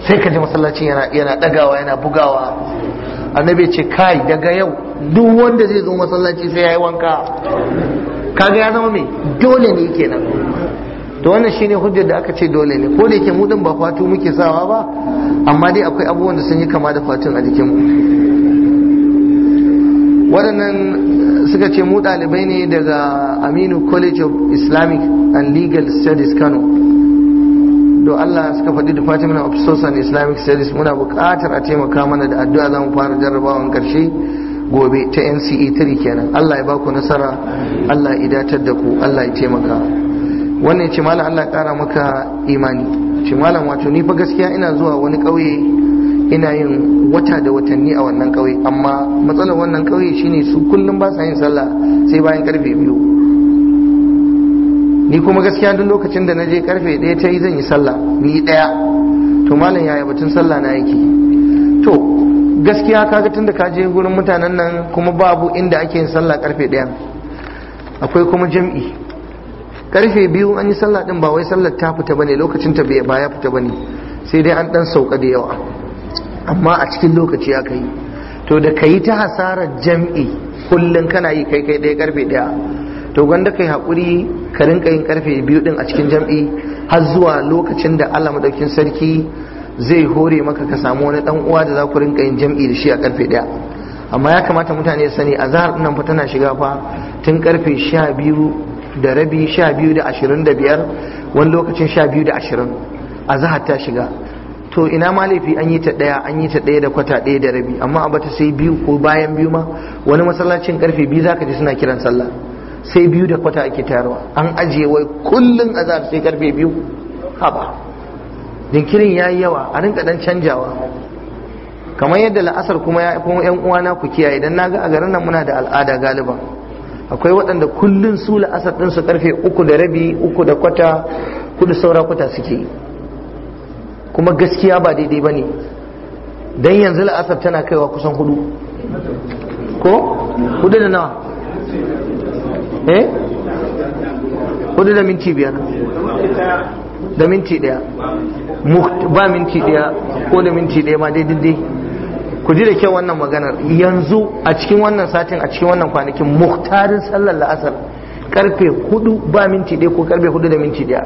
sai ka ji masallacin yana yana dagawa yana bugawa annabi ce kai daga yau duk wanda zai zo masallaci sai yayi wanka kaga ya zama me dole ne kenan to wannan shine hujjar da aka ce dole ne ko da yake mu din ba fatu muke sawa ba amma dai akwai abubuwan da sun yi kama da fatun a jikinmu waɗannan eh, suka ce mu ɗalibai ne daga aminu college of islamic and legal studies kano do allah suka faɗi department of social and islamic studies muna buƙatar a taimaka mana da addu'a za mu fara jarrabawan ƙarshe gobe ta nce 3 kenan allah ya baku nasara allah ya idatar da ku allah ya taimaka wannan ce malam allah ya ƙara maka imani ce malam wato ni fa gaskiya ina zuwa wani ƙauye ina yin wata da watanni a wannan kauye amma matsalar wannan kauye shine su kullum ba sa yin sallah sai bayan karfe biyu ni kuma gaskiya duk lokacin da na je karfe ɗaya ta yi zan yi sallah ni yi ɗaya to malam yaya batun sallah na yake to gaskiya kaga tunda ka je gurin mutanen nan kuma babu inda ake yin sallah karfe ɗaya akwai kuma jam'i karfe biyu an yi sallah din ba wai sallar ta fita bane lokacin ta ba ya fita bane sai dai an ɗan sauka da yawa amma a cikin lokaci aka yi to da ka yi ta hasarar jam'i kullum kana yi kai kai ɗaya karfe ɗaya to gwanda kai haƙuri ka rinka yin karfe biyu ɗin a cikin jam'i har zuwa lokacin da allah maɗaukin sarki zai hore maka ka samu wani ɗan uwa da za ku rinka yin jam'i da shi a karfe ɗaya amma ya kamata mutane su sani zahar nan fa tana shiga fa tun karfe sha biyu da rabi sha biyu da ashirin da biyar wani lokacin sha biyu da ashirin a zahar ta shiga to ina ma laifi an yi ta daya an yi ta ɗaya da kwata ɗaya da rabi amma a bata sai biyu ko bayan biyu ma wani masallacin karfe biyu zaka ji suna kiran sallah sai biyu da kwata ake tayarwa an ajiye wai kullun azhar sai karfe biyu haba jinkirin yayi yawa a rinka dan canjawa kamar yadda la'asar kuma ya kuma yan uwana ku kiyaye idan naga a garin nan muna da al'ada galiba. akwai waɗanda kullun su la'asar din su karfe uku da rabi uku da kwata kudu saura kwata suke yi kuma gaskiya ba daidai ba ne don yanzu la'asar tana kaiwa kusan hudu ko hudu da nawa eh hudu da minti biyar da minti daya ba minti daya ko da minti daya ma daidai ku ji da kyau wannan maganar yanzu a cikin wannan satin a cikin wannan kwanakin muhtarin sallar la'asar karfe hudu ba minti daya ko karfe hudu da minti daya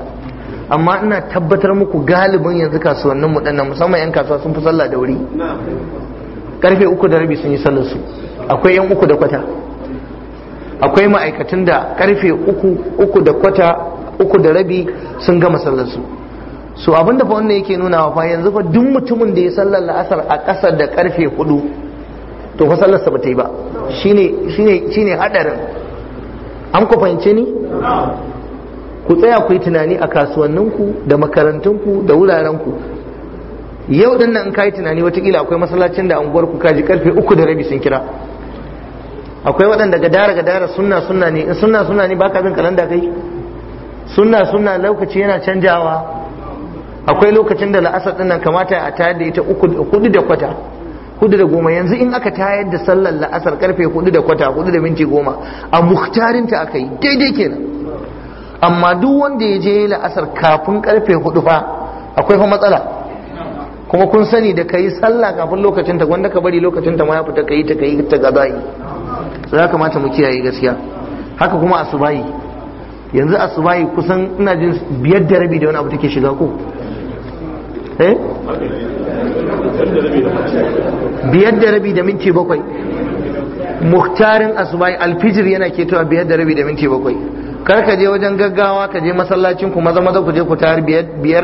amma ina tabbatar muku galibin yanzu kasuwannin mu dinnan musamman yan kasuwa sun fi sallah da wuri karfe uku da rabi sun yi sallar su akwai yan uku da kwata akwai ma'aikatan da karfe uku uku da kwata uku da rabi sun gama sallar su so abinda fa wannan yake nuna fa yanzu fa duk mutumin da ya sallar la'asar a ƙasa da karfe hudu to fa sallarsa ba ta yi ba shine shine shine hadarin an ku fahimce ni ku tsaya ku yi tunani a kasuwanninku da makarantunku da wurarenku yau din nan kai tunani watakila akwai masallacin da anguwar ku kaji karfe uku da rabi sun kira akwai waɗanda gadara gadara sunna sunna ne in sunna sunna ne baka bin kalanda kai sunna sunna lokaci yana canjawa akwai lokacin da la'asar din nan kamata a tayar da ita hudu da kwata hudu da goma yanzu in aka tayar da sallar la'asar karfe hudu da kwata hudu da minti goma a muhtarinta aka yi daidai kenan amma duk wanda ya je la'asar kafin karfe hudu fa akwai fa matsala kuma kun sani da yi sallah kafin lokacin ta wanda ka bari lokacin ta ma ya fita kayi ta kayi ta gazayi so ya kamata mu kiyaye gaskiya haka kuma Asubayi. yanzu Asubayi kusan ina jin biyar da rabi da wani abu take shiga ko eh biyar da rabi da minti bakwai muhtarin asubahi alfijir yana ketowa biyar da rabi da minti bakwai kar ka je wajen gaggawa ka je masallacin ku maza maza ku je ku tayar biyar biyar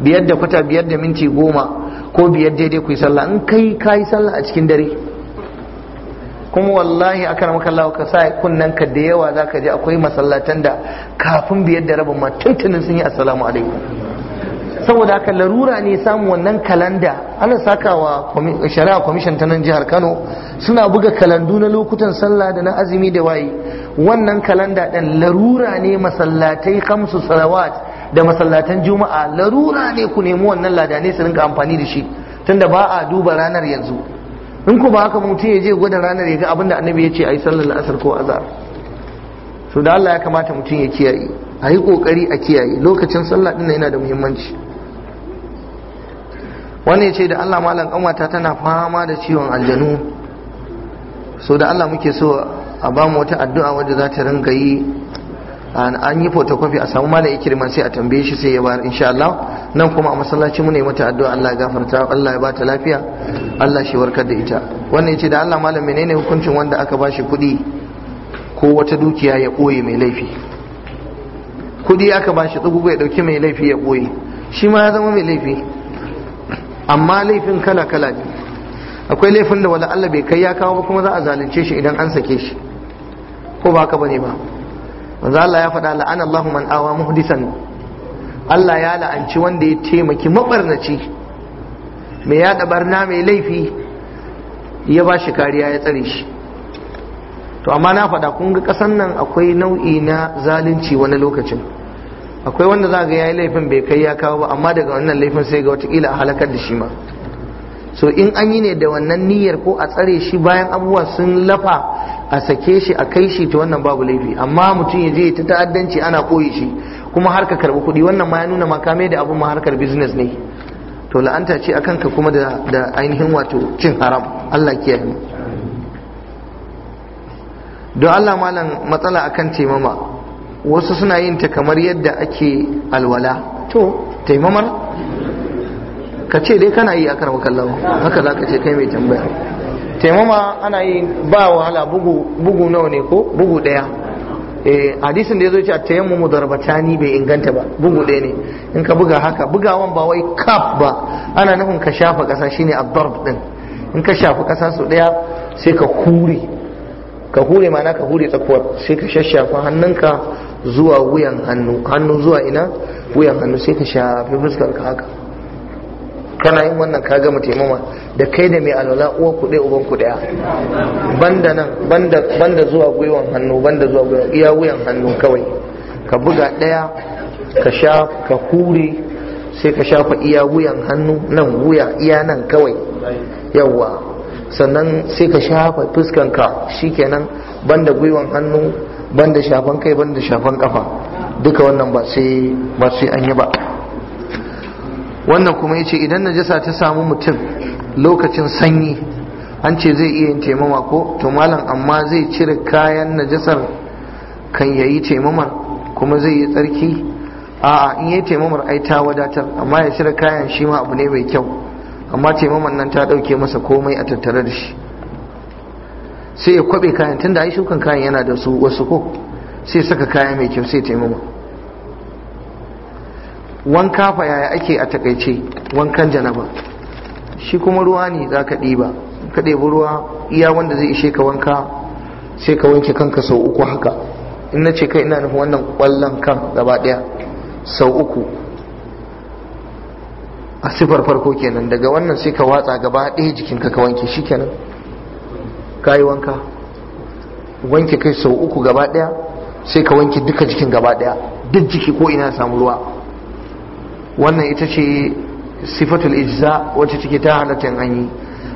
biyar da kwata biyar da minti goma ko biyar daidai ku yi sallah in kai ka yi sallah a cikin dare kuma wallahi akan Allah ka sa kunnan ka da yawa za ka je akwai masallatan da kafin biyar da rabin ma tuntunin sun yi assalamu alaikum saboda haka larura ne samu wannan kalanda ana sakawa shari'a kwamishin ta nan jihar kano suna buga kalandu na lokutan sallah da na azumi da wayi wannan kalanda ɗin larura ne masallatai kamsu salawat da masallatan juma'a larura ne ku nemi wannan ladanai su rinka amfani da shi tunda ba a duba ranar yanzu in ku ba haka mutum ya je gwada ranar ya ga abin da annabi ya ce a yi sallar asar ko azar so da Allah ya kamata mutum ya kiyaye a yi kokari a kiyaye lokacin sallah din yana da muhimmanci wannan ya ce da Allah malam kanwata tana fama da ciwon aljanu so da Allah muke so a ba mu wata addu'a wadda za ta ringa yi an yi photocopy a samu malam ikirman sai a tambaye shi sai ya bayar insha Allah nan kuma a masallaci mu ne mata addu'a Allah ya gafarta Allah ya bata lafiya Allah shi warkar da ita wannan yace da Allah malam menene hukuncin wanda aka bashi kuɗi ko wata dukiya ya koye mai laifi kuɗi aka bashi tsugugu ya dauki mai laifi ya koye shi ma ya zama mai laifi amma laifin kala kala ne akwai laifin da wala Allah bai kai ya kawo ba kuma za a zalunce shi idan an sake shi ko ba ka bane ba manzo Allah ya faɗa la'an Allahu man awa muhdisan Allah ya la'anci wanda ya taimaki mabarnaci mai yaɗa barna mai laifi ya ba shi kariya ya tsare shi to amma na faɗa kun ga ƙasan nan akwai nau'i na zalunci wani lokacin akwai wanda za ga yayi laifin bai kai ya kawo ba amma daga wannan laifin sai ga watakila a halakar da shi ma so in an yi ne da wannan niyyar ko a tsare shi bayan abubuwa sun lafa a sake shi a kai shi ta wannan babu laifi amma mutum ya je ta ta'addanci ana koyi shi kuma har ka karbi kuɗi wannan ma ya nuna makame da abun ma harkar business ne to la'anta ce akan ka kuma da ainihin wato cin haram Allah ke yi don Allah malam matsala akan taimama wasu suna yin ta kamar yadda ake alwala to taimamar ka ce dai kana yi akar kallon haka za ka ce kai mai tambaya taimama ana yi ba wahala bugu nawa ne ko bugu daya eh, hadisin da ya zo ce a tayammu mudarbatani bai inganta ba bugu daya ne in ka buga haka bugawan ba wai kaf ba ana nufin ka shafa shi shine a darb din in ka shafa kasa su daya sai ka hure ka hure ma'ana ka hure tsakuwa sai ka shashafa hannunka zuwa wuyan hannu hannu zuwa ina wuyan hannu sai ka shafi fuskar ka haka kana yin wannan ka gama taimama da kai da mai alwala uwa ku ɗaya uban ku ɗaya banda nan banda banda zuwa gwiwan hannu banda zuwa gwiwan iya wuyan hannu kawai ka buga ɗaya ka sha ka hure sai ka shafa iya wuyan hannu nan wuya iya nan kawai yawwa sannan sai ka shafa fuskanka shikenan banda gwiwan hannu banda shafan kai banda shafan kafa duka wannan ba sai an yi ba wannan kuma ya ce, idan najasa ta samu mutum lokacin sanyi an ce zai iya yin taimama ko to malam amma zai cire kayan najasar kan yayi taimamar kuma zai yi tsarki a'a in yi taimamar ai ta wadatar amma ya cire kayan shi ma abu ne mai kyau amma taimamar nan ta dauke masa komai a tattare da shi sai ya kwabe kayan tunda ai shukan kayan yana da su wasu ko sai saka kaya mai kyau sai taimama wanka fa yaya ake a takaice wankan janaba shi kuma ruwa ne za ka ɗiba ka ɗebi ruwa iya wanda zai ishe ka wanka sai ka wanke kanka sau uku haka in na ce kai ina nufin wannan ƙwallon kan gaba ɗaya sau uku a sifar farko kenan daga wannan sai ka watsa gaba ɗaya jikinka ka wanke shi kenan ka yi wanka wanke kai sau uku gaba ɗaya sai ka wanke duka jikin gaba ɗaya duk jiki ko ina samu ruwa wannan ita ce sifatul ijza wacce take ta halatta an yi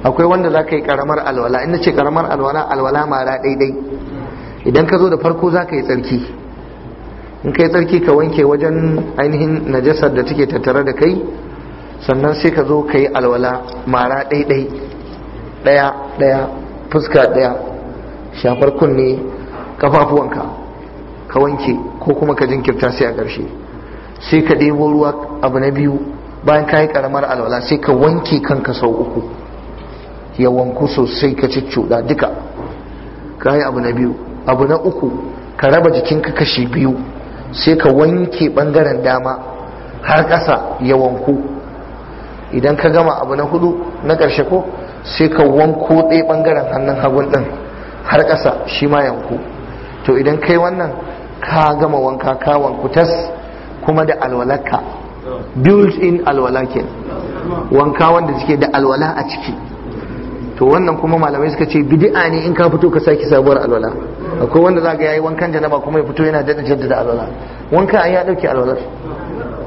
akwai wanda za ka yi karamar alwala inda ce karamar alwala alwala mara daidai idan ka zo da farko za ka yi tsarki in ka yi tsarki ka wanke wajen ainihin najasar da take tattare da kai sannan sai ka zo ka yi alwala mara daidai daya daya fuska daya shafar kunne kafafuwanka ka wanke ko kuma ka jinkirta sai a ƙarshe sai ka ɗebo ruwa abu na biyu bayan ka yi ƙaramar alwala sai ka wanke kanka sau uku ya wanku sosai ka cuccuɗa duka ka yi abu na biyu abu na uku ka raba jikinka kashi biyu sai ka wanke ɓangaren dama har ƙasa ya wanku idan ka gama abu na hudu na ƙarshe ko sai ka wanko ɗaya ɓangaren hannun hagun ɗin har ƙasa shi ma yanku to idan kai wannan ka gama wanka ka wanku tas kuma da alwalaka, built in alwalakin, wanka wanda suke da alwala a ciki to wannan kuma malamai suka ce bid'a ne in ka fito ka saki sabuwar alwala akwai wanda za ga yayi wankan janaba kuma ya fito yana da jaddada alwala wanka ai ya dauke alwalar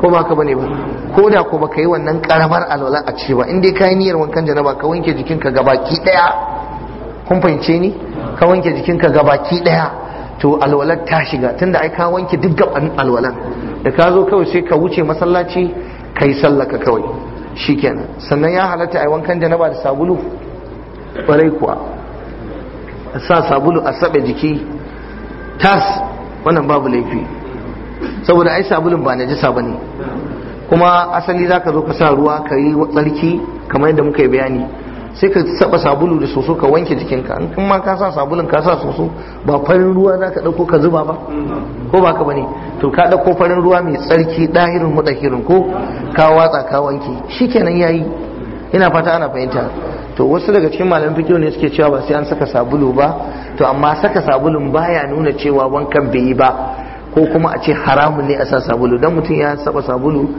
ko ba ka bane ba ko da ko baka yi wannan karamar alwala a ciki ba in kai niyyar wankan janaba ka wanke jikinka gabaki daya kun fahimce ni ka wanke jikinka gabaki daya to alwalar ta shiga tunda ai ka wanke duk gaban alwalan da ka zo kawai sai ka wuce masallaci ka yi sallaka kawai shikenan sannan ya halatta ai wankan janaba da sabulu barai kuwa sa sabulu a sabe jiki tas wannan babu laifi saboda ai sabulun ba najisa bane kuma asali zaka zo ka sa ruwa ka yi tsarki kamar yadda muka yi bayani sai ka saba sabulu da soso ka wanke jikinka in ma ka sa sabulun ka sa soso ba farin ruwa za ka ɗauko ka zuba ba ko ba ka bane to ka ɗauko farin ruwa mai tsarki ɗahirin muɗahirin ko ka watsa ka wanke shikenan yayi ina fata ana fahimta to wasu daga cikin malamin fikiyo ne suke cewa ba sai an saka sabulu ba to amma saka sabulun baya nuna cewa wankan bai yi ba ko kuma a ce haramun ne a sa sabulu dan mutum ya saba sabulu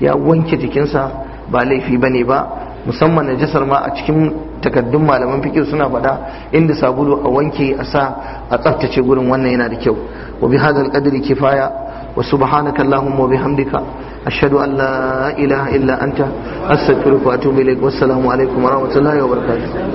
ya wanke jikinsa ba laifi bane ba musamman najasar ma a cikin takaddun malaman fikir suna faɗa inda sabulu a wanke a sa a tsaftace gurin wannan yana da kyau wa bi hadal qadri kifaya wa subhanaka allahumma wa bihamdika ashhadu an la ilaha illa anta astaghfiruka wa atubu ilaik wassalamu alaikum wa rahmatullahi wa barakatuh